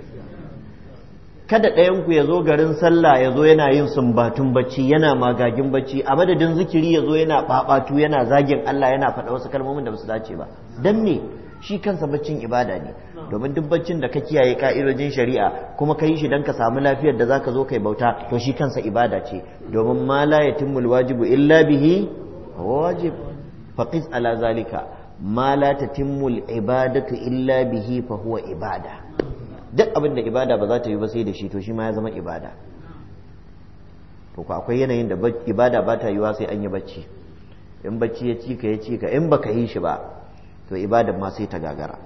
kada ɗayanku ya zo garin sallah ya zo yana yin sumbatun bacci yana magagin bacci a madadin zikiri ya zo yana ɓaɓatu yana zagin Allah yana faɗa wasu kalmomin da ba su dace ba don me shi kansa baccin ibada ne domin duk baccin da ka kiyaye ka'idojin shari'a kuma ka yi shi don ka samu lafiyar da zaka zo kai bauta to shi kansa ibada ce domin ma la yatimmul wajibu illa bihi wajib faqis ala zalika ma la tatimmul ibadatu illa bihi fa huwa ibada duk abin da ibada ba za ta yi ba sai da shi to shi ma ya zama ibada to ku akwai yanayin da ibada ba ta yiwa sai an yi bacci in bacci ya cika ya cika in ba ka yi shi ba to ibada ma sai ta gagara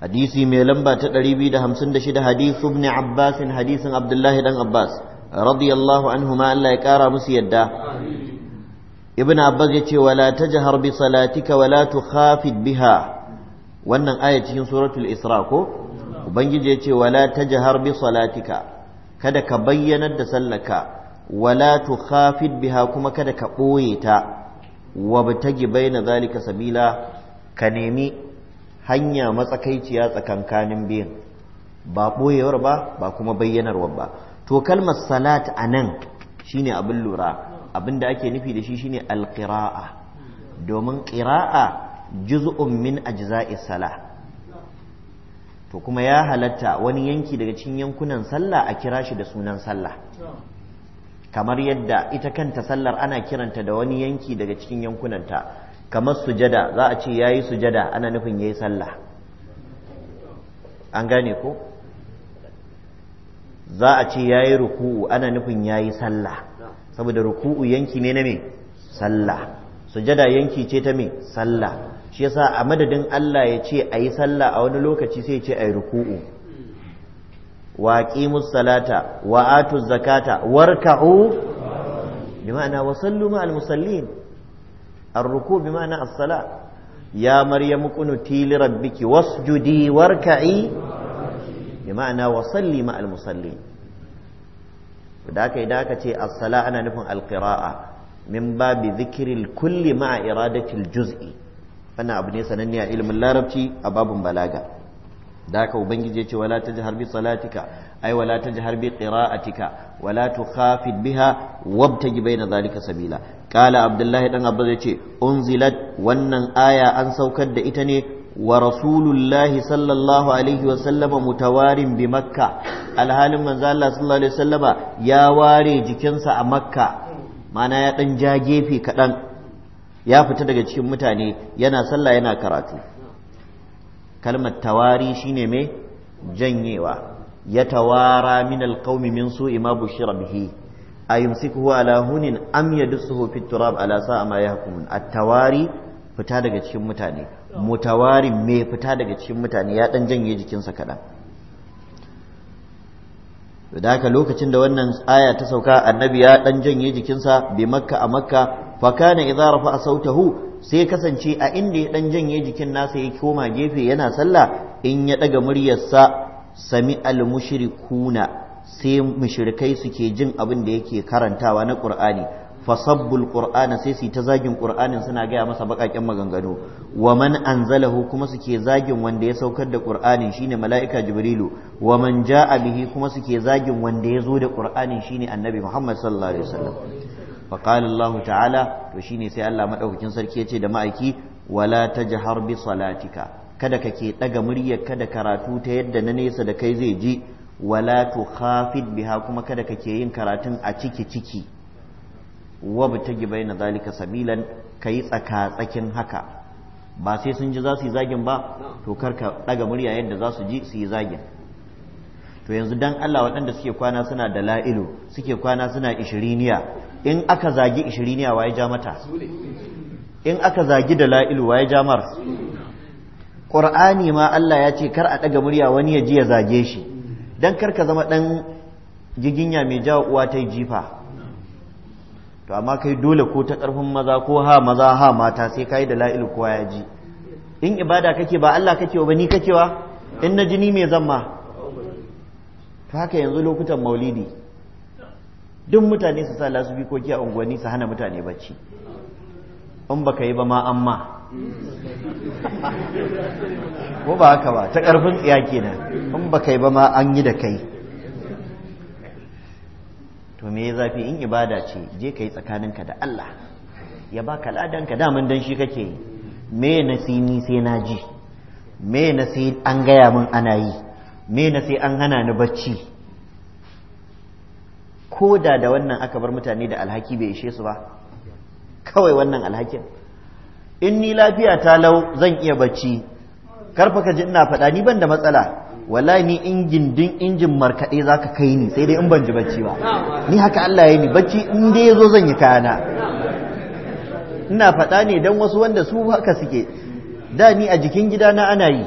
hadisi mai lamba ta 256 hadisu ibn abbas hadisin abdullahi dan abbas radiyallahu anhu ma Allah ya kara musu yadda ibn abbas yace wala tajhar bi salatika wala tukhafid biha wannan aya cikin suratul isra ko ubangiji yace wala tajhar bi salatika kada ka bayyanar da sallaka wala tukhafid biha kuma kada ka boye ta wa batagi baina zalika sabila ka nemi hanya matsakaiciya tsakankanin biyan ba ɓoyewar ba ba kuma bayyanarwar ba to kalmar salat a nan shine abin lura abinda ake nufi da shi shine alqira'a domin qira'a juz'un min ajza'i salah to kuma ya halatta wani yanki daga cikin yankunan sallah a kira shi da sunan sallah kamar yadda ita kanta sallar ana kiranta da wani yanki daga cikin yankunanta kamar sujada za a ce yayi sujada ana nufin yayi sallah an gane ko za a ce yayi ruku'u ana nufin yayi sallah saboda ruku'u yanki ne na me sallah sujada yanki ce ta me sallah shi yasa a madadin Allah ya ce ayi sallah a wani lokaci sai ya ce ayi ruku'u wa qimus salata wa atuz zakata warka'u bi ma'ana wa sallu ma'al musallin ar-ruku' bi ma'ana as-salah ya maryamu qunuti li rabbiki wasjudi warka'i bi ma'ana wa sallima al musallin da aka idan aka ce as ana nufin al min babi zikirin kulli ma'a iradatil juz'i wannan abu ne sananne a ilimin larabci a babun balaga da haka ubangiji ce wala tajhar bi salatika ai wala tajhar bi qira'atika wala tukhafid biha wabtaji baina zalika sabila qala abdullahi dan abbas ya ce unzilat wannan aya an saukar da ita ne wa rasulullahi sallallahu alaihi wa sallama mutawarin bi makka alhalin Manzala Allah sallallahu alaihi wa sallama ya ware jikinsa a makka mana ya dan ja gefe kadan ya fita daga cikin mutane yana sallah yana karatu kalmar tawari shine mai janyewa ya tawara min alqaumi min su'i ma bushira bihi ayumsikuhu ala hunin am yadsuhu fit turab ala sa'a ma yahkumun at-tawari fita daga cikin mutane mutawarin mai fita daga cikin mutane ya dan janye jikinsa kaɗan da haka lokacin da wannan aya ta sauka annabi ya dan janye jikinsa bi makka a makka fa kana idza rafa sautahu sai kasance a inda ya dan janye jikin nasa ya koma gefe yana sallah in ya daga muryarsa sami al mushrikuna sai mushrikai suke jin abin da yake karantawa na qur'ani fasabbul qur'ana sai su ta zagin qur'anin suna gaya masa bakaken maganganu wa man anzalahu kuma suke zagin wanda ya saukar da qur'anin shine mala'ika jibrilu wa man ja'a bihi kuma suke zagin wanda ya zo da qur'anin shine annabi muhammad sallallahu alaihi wasallam fa qala allah ta'ala to shine sai allah madaukakin sarki ya ce da ma'aiki wala tajhar bi salatika kada kake daga muryar kada karatu ta yadda na nesa da kai zai ji wala tukhafid biha kuma kada kake yin karatun a ciki ciki ta wabtagi na zalika sabilan ka tsaka tsakin haka ba sai sun ji za su yi zagin ba to kar ka daga murya yadda za su ji su yi zagin to yanzu dan Allah waɗanda suke kwana suna da la'ilu suke kwana suna ishiriniya in aka zagi ishiriniya ya ja mata in aka zagi da la'ilu ya ja mar Qur'ani ma Allah ya ce kar a daga murya wani ya ji ya zage shi dan kar ka zama dan jiginya mai jawo uwa ta yi jifa to amma kai dole ko ta ƙarfin maza ko ha maza ha mata sai kai da la'il kowa ya ji in ibada kake ba Allah kake ba ni kake wa in na jini me zamma to haka yanzu lokutan maulidi duk mutane su sa lasubi ko a unguwanni su hana mutane bacci in baka yi ba ma amma ko ba haka ba ta ƙarfin tsiya kenan in baka yi ba ma an yi da kai to me ya zafi in ibada ce je ka yi tsakaninka da Allah ya baka ladanka daman dan shi kake yi me na ni sai na ji me na sai an gaya mun ana yi me na sai an hana ni bacci ko da da wannan aka bar mutane da alhaki bai ishe su ba kawai wannan alhakin in ni lafiya ta lau zan iya bacci karfa ka ji ina faɗa ni ban da matsala wallahi ni in gindin injin markaɗe zaka kai ni sai dai in ban ji bacci ba ni haka Allah ya yi ni bacci in dai ya zo zan yi kayana ina faɗa ne don wasu wanda su haka suke da ni a jikin gidana ana yi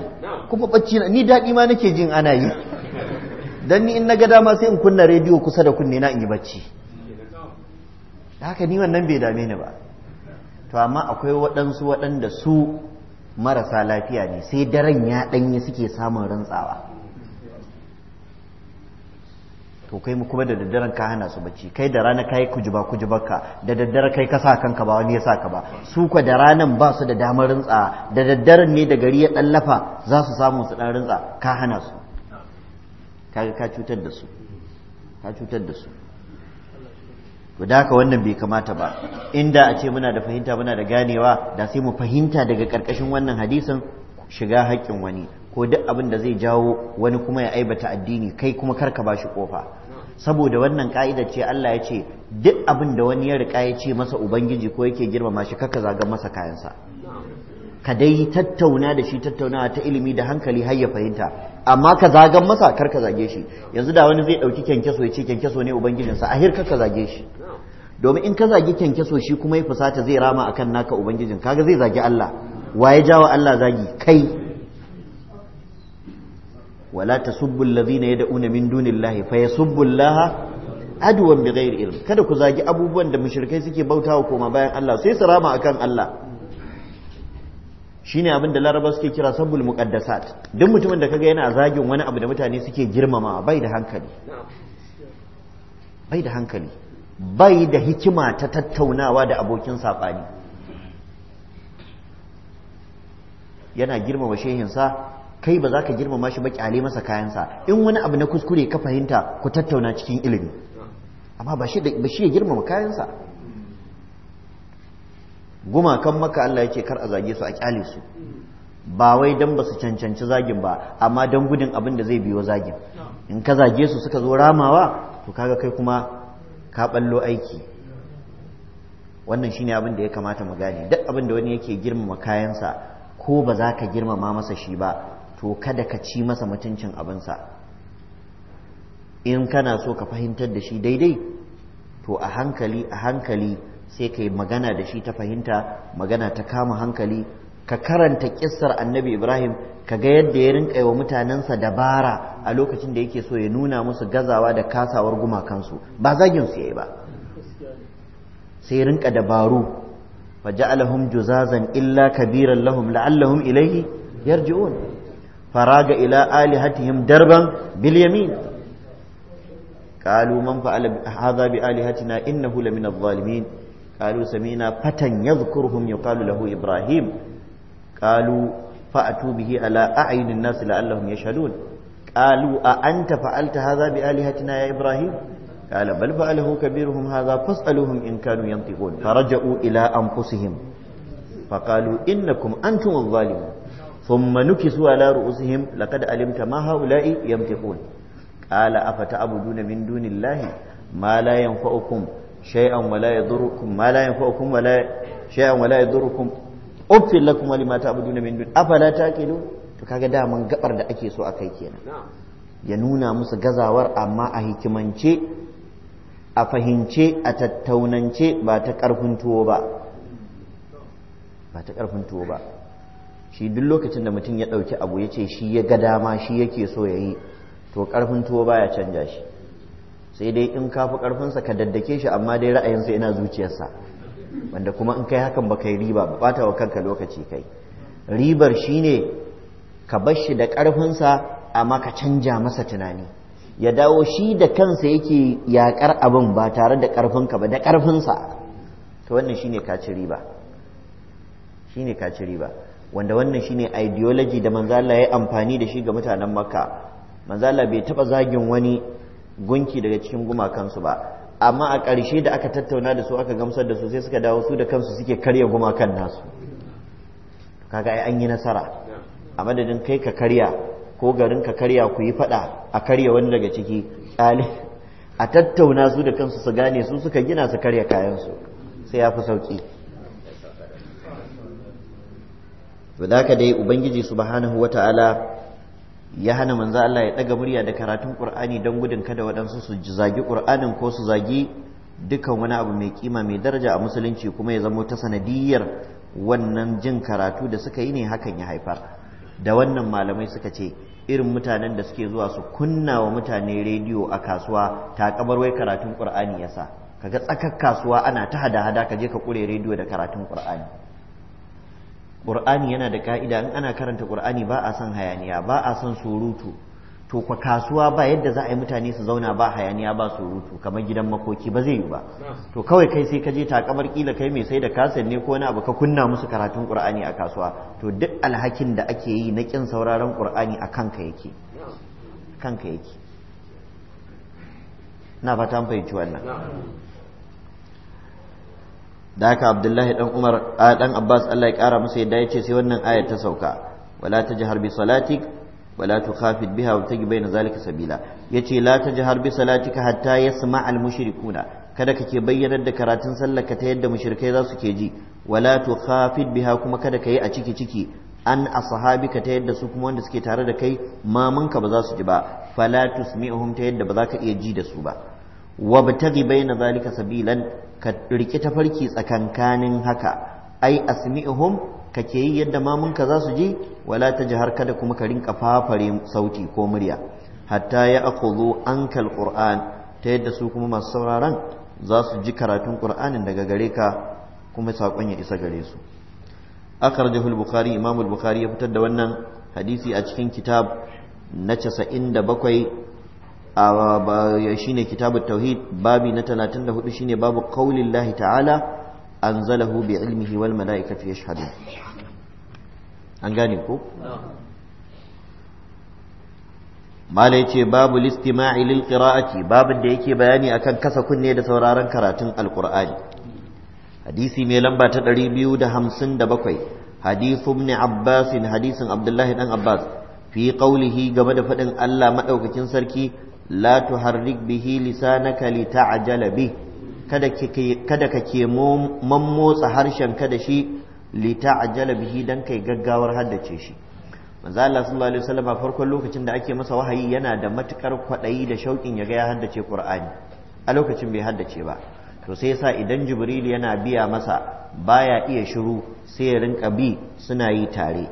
kuma bacci ni daɗi ma nake jin ana yi don ni in na ga dama sai in kunna rediyo kusa da kunne na in yi bacci haka ni wannan bai dame ni ba to amma akwai waɗansu waɗanda su marasa lafiya ne sai daren ya ɗanye suke samun rantsawa to kai mu kuma da daddaren ka hana su bacci kai da rana kai kujuba kujubarka da daddare kai ka sa kanka ba wani ya ka ba su kwa da ranan ba su da damar rintsa da daddaren ne da gari ya dallafa za su samu su dan rintsa ka hana su ka ka cutar da su ka cutar da su to da haka wannan bai kamata ba inda a ce muna da fahimta muna da ganewa da sai mu fahimta daga karkashin wannan hadisin shiga haƙƙin wani ko duk abin da zai jawo wani kuma ya aibata addini kai kuma karka ba shi ƙofa saboda wannan ka'idar ce Allah ya ce duk abin da wani ya riƙa ya ce masa ubangiji ko yake girmama shi kaka zaga masa kayansa ka dai tattauna da shi tattaunawa ta ilimi da hankali har ya fahimta amma ka zagar masa kar ka zage shi yanzu da wani zai ɗauki kyankyaso ya ce kyankyaso ne ubangijinsa a hirka ka zage shi domin in ka zagi kyankyaso shi kuma ya fusata zai rama akan naka ubangijin kaga zai zagi Allah wa ya jawo Allah zagi kai Walata الذين يدعون من دون الله fayasubbu الله aduwan بغير ilm kada ku zagi abubuwan da mushrikai suke bautawa koma bayan Allah sai su rama akan Allah shine abin da laraba suke kira sabbul muqaddasat duk mutumin da kaga yana zagin wani abu da mutane suke girmama bai da hankali bai da hankali bai da hikima ta tattaunawa da abokin saɓani yana girmama shehin sa kai ba za ka girmama shi ba kyale masa kayansa in wani abu na kuskure ka fahimta ku tattauna cikin ilimi amma ba shi ya girmama kayansa kan maka Allah yake kar a zage su a kyale su ba wai dan ba su cancanci zagin ba amma dan gudun abin da zai biyo zagin in ka zage su suka zo ramawa to kaga kai kuma ka ballo aiki wannan shine abin da ya kamata mu gane duk abin da wani yake girmama kayansa ko ba za ka girmama masa shi ba to kada ka ci masa mutuncin abinsa in kana so ka fahimtar da shi daidai to a hankali a hankali sai ka yi magana da shi ta fahimta magana ta kama hankali ka karanta kissar annabi ibrahim ka ga yadda ya rinka yi wa mutanensa dabara a lokacin da yake so ya nuna musu gazawa da kasawar gumakansu ba zagin su yayi ba sai rinka dabaru fa ja'alahum juzazan illa kabiran lahum la'allahum ilayhi yarji'un faraga ila alihatihim darban bil yamin qalu man fa'ala hadha bi alihatina innahu lamina adh-dhalimin qalu samina fatan yadhkuruhum yuqalu lahu ibrahim qalu fa'atu bihi ala a'yunin nas la'allahum yashhadun qalu a anta fa'alta ya ibrahim قال بل فعله كبيرهم هذا فاسألوهم إن كانوا ينطقون فرجعوا إلى أنفسهم فقالوا إنكم أنتم الظالمون thumma nukisu ala ru'usihim laqad alimta ma haula'i yamtiqun qala afata'buduna min dunillahi ma la yanfa'ukum shay'an wa la yadurrukum ma la yanfa'ukum wa la shay'an wa la yadurrukum uffil lakum wa lima ta'buduna min dun afala taqilun to kaga daman gabar da ake so akai kenan ya nuna musu gazawar amma a hikimance a fahimce a tattaunance ba ta ƙarfin tuwo ba shi duk lokacin da mutum ya ɗauki abu ya ce shi ya ga dama shi yake so ya yi to ƙarfin tuwo baya canja shi sai dai in ka fi ƙarfinsa ka daddake shi amma dai ra'ayinsa yana zuciyarsa wanda kuma in kai hakan ba kai riba ba ɓata wa kanka lokaci kai ribar shi ne ka bar shi da ƙarfinsa amma ka canja masa tunani ya dawo shi da kansa yake yaƙar abin ba tare da ƙarfinka ba da ƙarfinsa to wannan shi ka ci ka ci riba wanda wannan shi shine ideology da manzo Allah ya amfani da shi ga mutanen makka manzo bai taba zagin wani gunki daga cikin gumakansu ba amma a ƙarshe da aka tattauna da su aka gamsar da su sai suka dawo su da kansu suke karya gumakan nasu kaga ai an yi nasara a madadin kai ka karya ko garin ka karya ku yi fada a karya wani daga ciki tsali a tattauna su da kansu su gane su suka gina su karya kayansu sai ya fi sauki to dai ubangiji subhanahu wata'ala ya hana manzo Allah ya daga murya da karatun Qur'ani don gudun kada waɗansu su zagi Qur'anin ko su zagi dukkan wani abu mai kima mai daraja a musulunci kuma ya zamo ta sanadiyyar wannan jin karatu da suka yi ne hakan ya haifar da wannan malamai suka ce irin mutanen da suke zuwa su kunna wa mutane rediyo a kasuwa ta kamar wai karatun Qur'ani yasa kaga tsakar kasuwa ana ta hada-hada ka je ka kure rediyo da karatun Qur'ani ƙur'ani yana da ka'ida in ana karanta ƙur'ani ba a son hayaniya ba a son surutu to kwa kasuwa ba yadda za a yi mutane su zauna ba hayaniya ba surutu kamar gidan makoki ba zai yi ba to kawai kai sai ka je takamar kila kai mai sai da kaset ne ko wani abu ka kunna musu karatun ƙur'ani a kasuwa to duk alhakin da ake yi na ƙin sauraron ƙur'ani a kanka yake kanka yake na fata an fahimci wannan da haka abdullahi dan umar dan abbas allah ya kara masa yadda ya ce sai wannan ayar ta sauka wala tajhar bi salatik wala biha wa tagi baina zalika sabila yace la tajhar bi salatika hatta yasma al mushrikuna kada kake bayyanar da karatun sallar ka ta yadda mushrikai za su ke ji wala tukhafid biha kuma kada yi a ciki ciki an ashabika ta yadda su kuma wanda suke tare da kai mamanka ba za su ji ba fala tusmi'uhum ta yadda ba za ka iya ji da su ba wabtaghi baina zalika sabilan ka ta farki tsakankanin haka ai asmi'uhum ke yi yadda mamunka za su ji wala ta jihar kada kuma ka rinka fafare sauti ko murya hatta ya akhudhu ankal qur'an ta yadda su kuma masu sauraron za su ji karatun qur'anin daga gare ka kuma sakon ya isa gare su Akar al-bukhari imam al-bukhari ya fitar da wannan hadisi a cikin kitab na casa'in da bakwai. shi ne kitabut tauhid babi na talatin da hudu shi ne, babu qaulillahi ta'ala an anzalahu bi ilmihi wal malaikatu yashhadun an gane ko mala yace babu listima'i lil qira'ati babin da yake bayani akan kasa kunne da sauraron karatun alqur'ani hadisi mai lamba ta 257 hadithu ibn abbas hadisin abdullahi dan abbas fi qawlihi game da faɗin Allah madaukakin sarki la tuharrik bihi lisanaka lita'jala jalabi kada ka kake mammotsa harshen kada shi jalabi bihi dan kai gaggawar haddace shi manzo Allah sallallahu alaihi wasallam farkon lokacin da ake masa wahayi yana da matukar kwaɗayi da shauƙin ya gaya haddace Qur'ani a lokacin bai haddace ba to sai yasa idan Jibril yana biya masa baya iya shiru sai ya rinka bi suna yi tare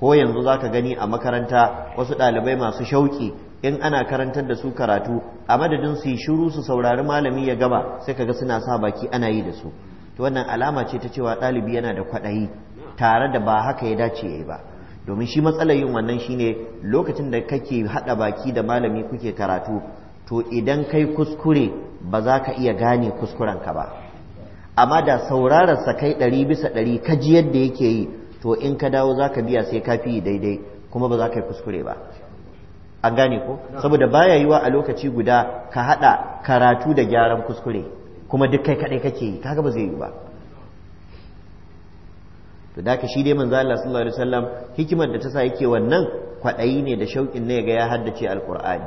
ko yanzu zaka gani a makaranta wasu ɗalibai masu shauƙi in ana karantar da su karatu a madadin su yi shiru su saurari malami ya gaba sai kaga suna sa baki ana yi da su to wannan alama ce ta cewa ɗalibi yana da kwaɗayi tare da ba haka ya dace ya yi ba domin shi matsalar yin wannan shine lokacin da kake haɗa baki da malami kuke karatu to idan kai kuskure ba za ka iya gane kuskuren ka ba amma da saurararsa kai ɗari bisa ɗari ka ji yadda yake yi to in ka dawo za ka biya sai ka fi daidai kuma ba za ka yi kuskure ba an gane ko saboda baya yiwa a lokaci guda ka hada karatu da gyaran kuskure kuma duk kai kadai kake yi kaga ba zai yi ba to da shi dai manzo Allah sallallahu alaihi wasallam hikimar da ta sa yake wannan kwadayi ne da shauƙin ne ga ya haddace alqur'ani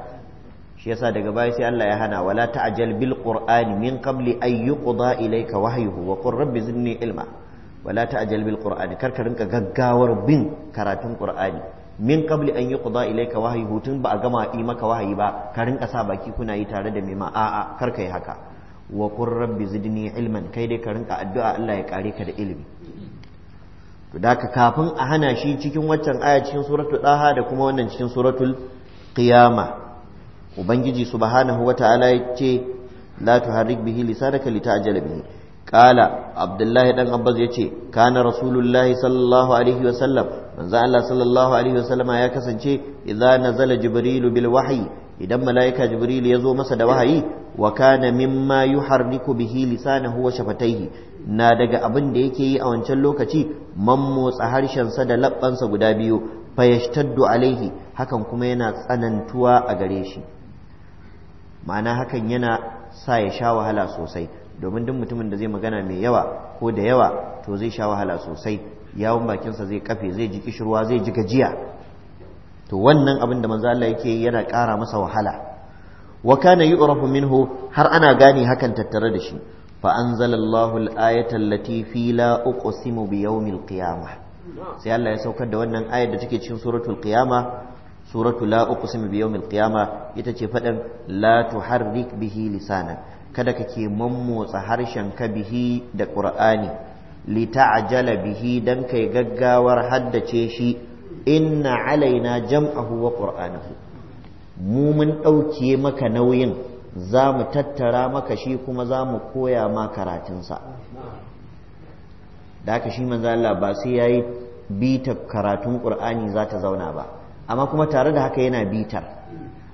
shi yasa daga baya sai Allah ya hana wala ta'jal bil qur'ani min qabli ay yuqda ilayka wahyuhu wa qur rabbi zidni ilma wala ta'jal bil qur'ani karka rinka gaggawar bin karatun qur'ani min qabli an yuqda ilayka wahayi, hutun ba a gama yi maka wahayi ba ka rinka sa baki kuna yi tare da mai ma a'a kar kai haka wa qur rabbi zidni ilman kai dai ka rinka addu'a Allah ya kare ka da ilimi to da kafin a hana shi cikin waccan aya cikin suratul ɗaha da kuma wannan cikin suratul qiyama ubangiji subhanahu wata'ala yace ce la tuharrik bihi lisanaka lita'jala bihi قال عبد الله بن عباس كان رسول الله صلى الله عليه وسلم manzo Allah sallallahu alaihi wasallama ya kasance idza nazala jibrilu bil wahyi idan malaika jibril ya zo masa da wahayi wa kana mimma yuharriku bihi lisanahu wa shafataihi na daga abin da yake yi a wancan lokaci man harshen sa da sa guda biyu fayashtaddu alaihi hakan kuma yana tsanantuwa a gare shi ma'ana hakan yana sa ya sha wahala sosai domin duk mutumin da zai magana mai yawa ko da yawa to zai sha wahala sosai yawon bakinsa zai kafe zai ji kishirwa zai ji gajiya to wannan abin da manzo Allah yake yana ƙara masa wahala wa kana yu'rafu minhu har ana gane hakan tattare da shi fa anzalallahu al-ayata allati fi la uqsimu bi yawmil qiyamah sai Allah ya saukar da wannan ayar da take cikin suratul qiyama suratul la uqsimu bi yawmil qiyama. ita ce fadan la tuharrik bihi lisanan, kada kake mammotsa harshen ka bihi da qur'ani lita'jala bihi dan kai gaggawar haddace shi inna alaina jam'ahu wa qur'anahu mu mun ɗauke maka nauyin za mu tattara maka shi kuma za mu koya ma karatunsa da haka shi manzo Allah ba sai yayi bita karatun qur'ani za ta zauna ba amma kuma tare da haka yana bitar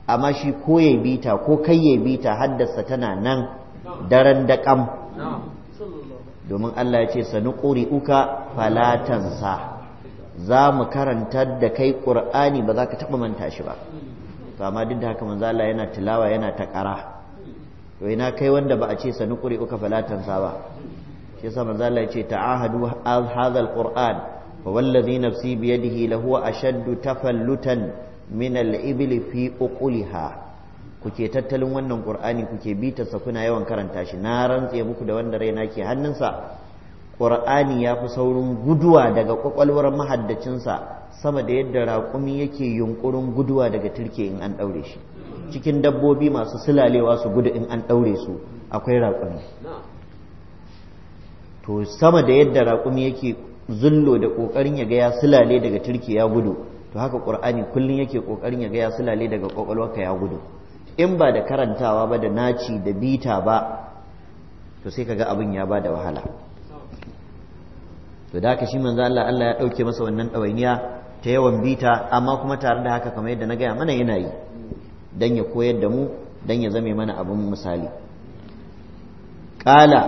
amma shi ko ya bita ko kai ya bita haddasa tana nan daren da kam domin Allah ya ce sani ƙuri uka falatansa za mu karantar da kai ƙur'ani ba za ka taɓa manta shi ba to amma duk da haka manzo Allah yana tilawa yana ta ƙara to ina kai wanda ba a ce sani ƙuri uka falatansa ba shi yasa manzo Allah ya ce ta'ahadu hadha alquran fa wallazi nafsi biyadihi lahu ashaddu tafallutan min al-ibli fi uquliha kuke tattalin wannan qur'ani kuke bitarsa kuna yawan karanta shi na rantse muku da wanda raina ke hannunsa ƙur'ani ya fi saurin guduwa daga ƙwaƙwalwar mahaddacinsa sama da yadda raƙumi yake yunƙurin guduwa daga turke in an ɗaure shi cikin dabbobi masu silalewa su gudu in an ɗaure su akwai raƙumi to sama da yadda raƙumi yake zullo da ƙoƙarin ya ga ya silale daga turke ya gudu to haka ƙur'ani kullum yake ƙoƙarin ya ga ya silale daga ƙwaƙwalwarka ya gudu in ba da karantawa ba da naci da bita ba to sai kaga abin ya ba da wahala to da haka shi manzo Allah Allah ya dauke masa wannan ɗawainiya ta yawan bita amma kuma tare da haka kamar yadda na gaya mana yana yi dan ya koyar da mu dan ya zame mana abin misali qala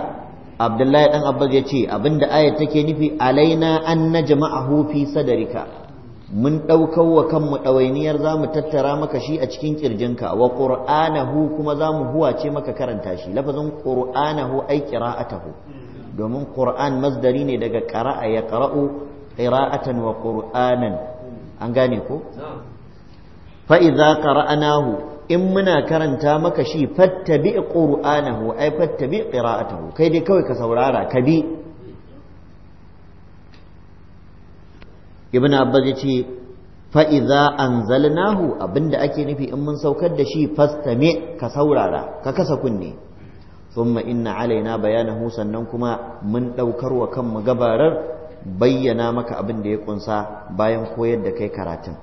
abdullahi dan abbas ya ce abinda ayat take nufi alaina an najma'ahu fi sadarika mun ɗaukar wa kanmu ɗawainiyar za mu tattara maka shi a cikin ƙirjinka wa ƙur'anahu kuma za mu huwace maka karanta shi lafazin ƙur'anahu ai ƙira'atahu domin ƙur'an masdari ne daga ƙara'a ya ƙara'u ƙira'atan wa ƙur'anan an gane ko fa'iza ƙara'anahu in muna karanta maka shi fattabi ƙur'anahu ai fattabi ƙira'atahu kai dai kawai ka saurara ka bi ibn abbas ya ce fa'iza an zalnahu abinda ake nufi in mun saukar da shi fastame ka saurara ka kasa kunne thumma inna alaina bayanahu sannan kuma mun ɗaukar wa kanmu gabarar bayyana maka abin da ya kunsa bayan koyar da kai karatun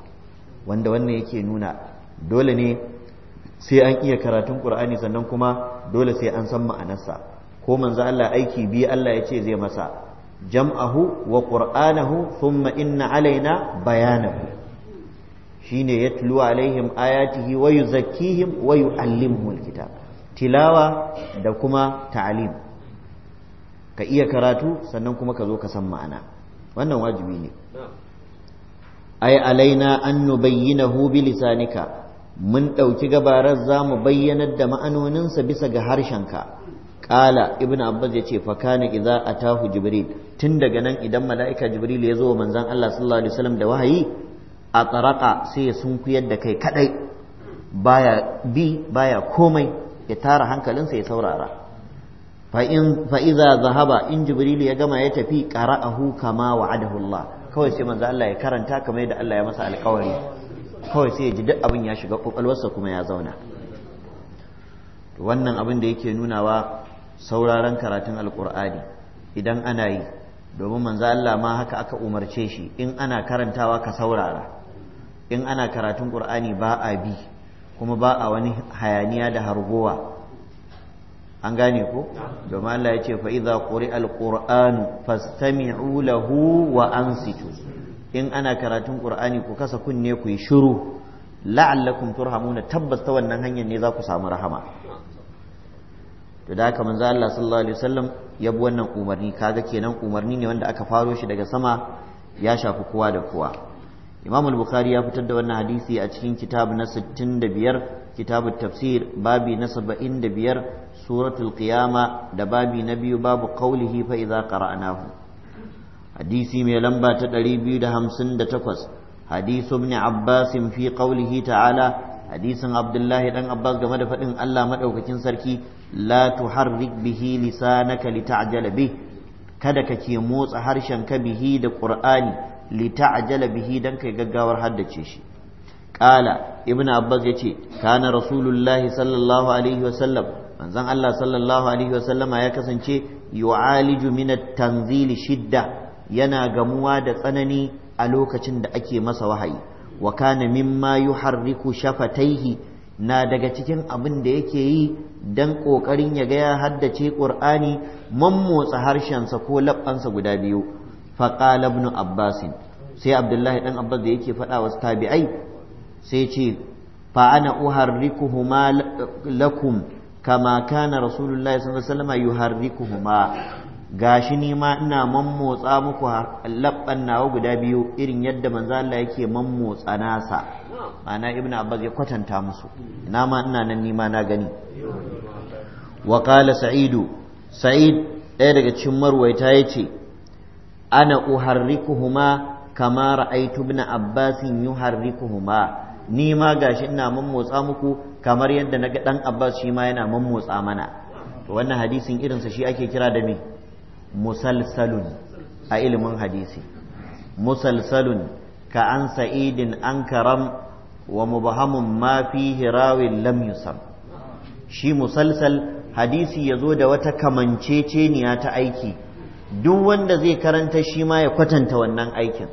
wanda wannan yake nuna dole ne sai an iya karatun qur'ani sannan kuma dole sai an san ma'anarsa ko manzo Allah aiki bi Allah ya ce zai masa jam'ahu wa ƙur'anahu thumma inna alaina bayanahu shine yatlu alaihim ayatihi wa yuzakkihim wa yuallimuhum alkitab tilawa da kuma ta'alim ka iya karatu sannan kuma ka zo ka san ma'ana wannan wajibi ne ai alaina an nubayyinahu hubi lisanika mun ɗauki gabarar za mu bayyanar da ma'anoninsa bisa ga harshenka Ƙala Ibn Abbas ya ce fakana a tahu Jibril tun daga nan idan mala'ika Jibril ya zo manzan Allah sallallahu alaihi wasallam da wahayi a tsaraka sai ya sunkuyar da kai kadai baya bi baya komai ya tara hankalinsa ya saurara fa'iza zahaba in Jibril ya gama ya tafi qara'ahu kama wa'adahu Allah kawai sai manzon Allah ya karanta kamar yadda Allah ya masa alƙawari kawai sai ya ji duk abin ya shiga kwakwalwarsa kuma ya zauna wannan abin da yake nunawa sauraron karatun alkur'ani idan ana yi domin manzo Allah ma haka aka umarce shi in ana karantawa ka saurara in ana karatun ƙur'ani ba a bi kuma ba a wani hayaniya da hargowa an gane ko domin Allah ya ce fa idza quri'al qur'anu fastami'u lahu wa ansitu in ana karatun ƙur'ani ku kasa kunne ku yi shiru la'allakum turhamuna tabbas ta wannan hanyar ne za ku samu rahama to da haka manzo Allah sallallahu alaihi wasallam ya bi wannan umarni kaga kenan umarni ne wanda aka faro shi daga sama ya shafi kowa da kowa Imam al-Bukhari ya fitar da wannan hadisi a cikin kitab na 65 kitab tafsir babi na 75 suratul qiyama da babi na biyu babu qaulihi fa idza qara'nahu hadisi mai lamba ta 258 hadisu ibn Abbas fi qaulihi ta'ala hadisin abdullahi dan abbas game da faɗin allah maɗaukakin sarki la tuharrik bihi lisanaka lita'jala bih kada kake motsa harshen ka bihi da qur'ani lita'jala bihi dan kai gaggawar haddace shi qala ibnu abbas yace kana rasulullahi sallallahu alaihi wasallam manzon allah sallallahu alaihi wasallam ya kasance yu'aliju min at-tanzili shidda yana gamuwa da tsanani a lokacin da ake masa wahayi wa kana mimma yuharriku shafataihi na daga cikin abin da yake yi dan kokarin ya ga ya haddace qur'ani harshen harshensa ko labbansa guda biyu fa qala ibn abbas sai abdullahi dan abbas da yake fada wa tabi'ai sai ce fa ana uharrikuhuma lakum kama kana rasulullahi sallallahu alaihi wasallam yuharrikuhuma gashi ni ma ina mammotsa muku labban nawa guda biyu irin yadda manzo Allah yake mammotsa nasa mana ibnu abbas ya kwatanta musu ina ma ina nan ni ma na gani wa qala sa'idu sa'id ɗaya daga cikin marwaita yace ana uharrikuhuma kama ra'aytu ibn abbas yuharrikuhuma ni ma gashi ina mammotsa muku kamar yadda naga dan abbas shi ma yana mammotsa mana to wannan hadisin irinsa shi ake kira da me musalsalun a ilimin hadisi musalsalun ka an sa'idin an karam wa mubahamun ma fi hirawin lam yusam shi musalsal hadisi ya zo da wata kamanceceniya ta aiki duk wanda zai karanta shi ma ya kwatanta wannan aikin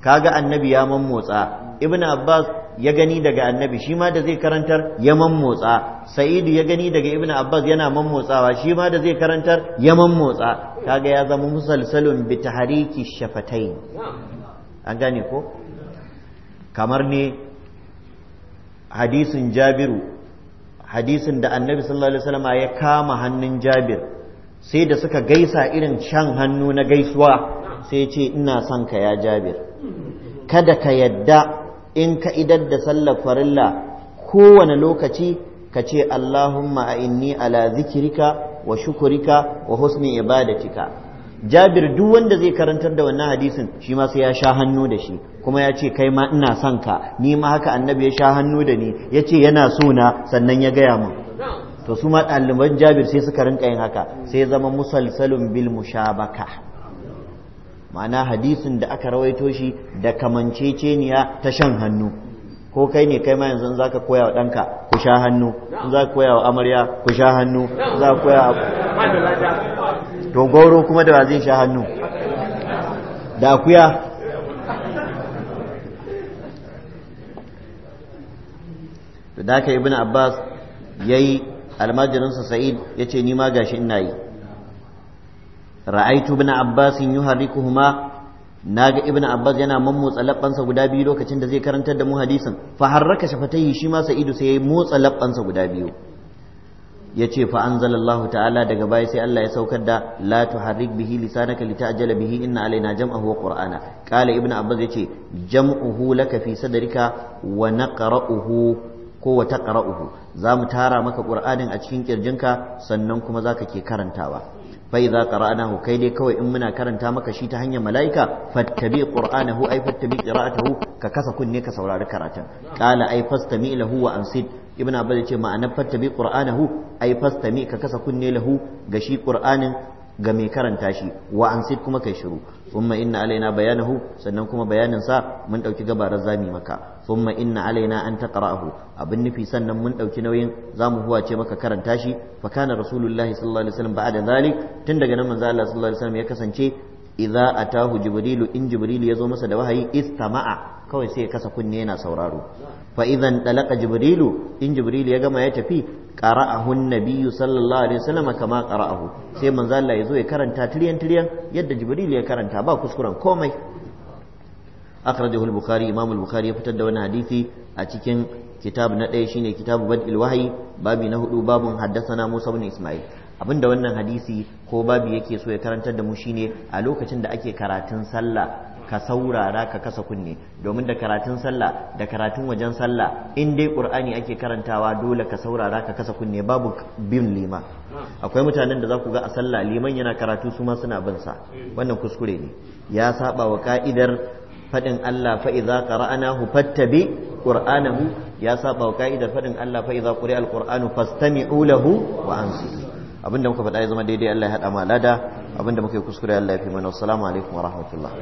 kaga annabi ya mammotsa ibn abbas ya gani daga annabi shi ma da zai karantar ya mammotsa sa'idu ya gani daga ibn abbas yana mammotsawa shi ma da zai karantar ya mammotsa kaga ya zama musalsalun bi tahariki shafatai an gane ko kamar ne hadisin jabiru hadisin da annabi sallallahu alaihi wasallam ya kama hannun jabir sai da suka gaisa irin shan hannu na gaisuwa sai ce ina son ka ya jabir kada ka yadda in ka idar da sallar farilla kowane lokaci ka ce Allahumma a inni ala zikirika wa shukurika wa husni ibadatika jabir duk wanda zai karantar da wannan hadisin shi ma sai ya sha hannu da shi kuma ya ce kai ma ina son ka ni ma haka annabi ya sha hannu da ni ya ce yana so na sannan ya gaya mun. to su ma ɗaliban jabir sai suka rinka yin haka sai zama musalsalun bil mushabaka ma'ana hadisin da aka rawaito shi da kamanceceniya ta shan hannu ko kai ne kai ma yanzu za ka koya wa ɗanka ku sha hannu za ka koya wa amarya ku sha hannu za ka koya to goro kuma da ba sha hannu da akuya da haka ibn abbas ya yi almajirinsa sa'id ya ce ni ma gashi ina yi ra'aitu ibn abbas na naga ibn abbas yana mammotsa labbansa guda biyu lokacin da zai karantar da mu hadisin fa harraka shafatayhi shi ma sa'idu sai ya motsa labbansa guda biyu ya ce fa anzalallahu ta'ala daga baya sai Allah ya saukar da la tuharrik bihi lisanaka litajala bihi inna alaina jam'ahu wa qur'ana qala ibn abbas yace jam'uhu laka fi sadrika wa naqra'uhu ko wa taqra'uhu za mu tara maka qur'anin a cikin kirjinka sannan kuma zaka ke karantawa fa idza qara'nahu kai dai kawai in muna karanta maka shi ta hanyar malaika fattabi qur'anahu ay fattabi qira'atahu ka kasa kunne ka saurari karatun qala ay fastami lahu wa ansid ibn abbas ce ma'anar fattabi qur'anahu ay fastami ka kasa kunne lahu ga shi qur'anin ga mai karanta shi wa ansit kuma kai shiru thumma inna alaina bayanahu sannan kuma bayanin sa mun dauki gabarar zami maka thumma inna alaina an taqra'ahu abin nufi sannan mun dauki nauyin zamu huwace maka karanta shi fa kana rasulullahi sallallahu alaihi wasallam ba'da zalik tun daga nan manzo Allah sallallahu alaihi wasallam ya kasance idza atahu jibrilu in jibrilu yazo masa da wahayi istama'a kawai sai ya kasa kunne yana sauraro fa idan talaqa jibrilu in jibril ya gama ya tafi qara'ahu nabiyyu sallallahu alaihi wasallam kama qara'ahu sai manzo Allah ya zo ya karanta tiryan tiryan yadda jibril ya karanta ba kuskuren komai akhrajahu al-bukhari imam al-bukhari ya fitar da wani hadisi a cikin kitab na ɗaya shine kitabu bad'il wahyi babi na hudu babun haddathana musa ibn isma'il abinda wannan hadisi ko babi yake so ya karantar da mu shine a lokacin da ake karatun sallah ka saurara ka kasa kunne domin da karatun sallah da karatun wajen sallah in dai qur'ani ake karantawa dole ka saurara ka kasa kunne babu bin lima akwai mutanen da za ku ga a sallah liman yana karatu su ma suna bin sa wannan kuskure ne ya saba wa ka'idar faɗin Allah fa idza qara'nahu fattabi qur'anahu ya saba wa ka'idar faɗin Allah fa idza quri'a al-qur'anu fastami'u lahu wa ansitu abinda muka faɗa ya zama daidai Allah ya haɗa ma lada abinda muka yi kuskure Allah ya fi mana assalamu alaikum wa rahmatullah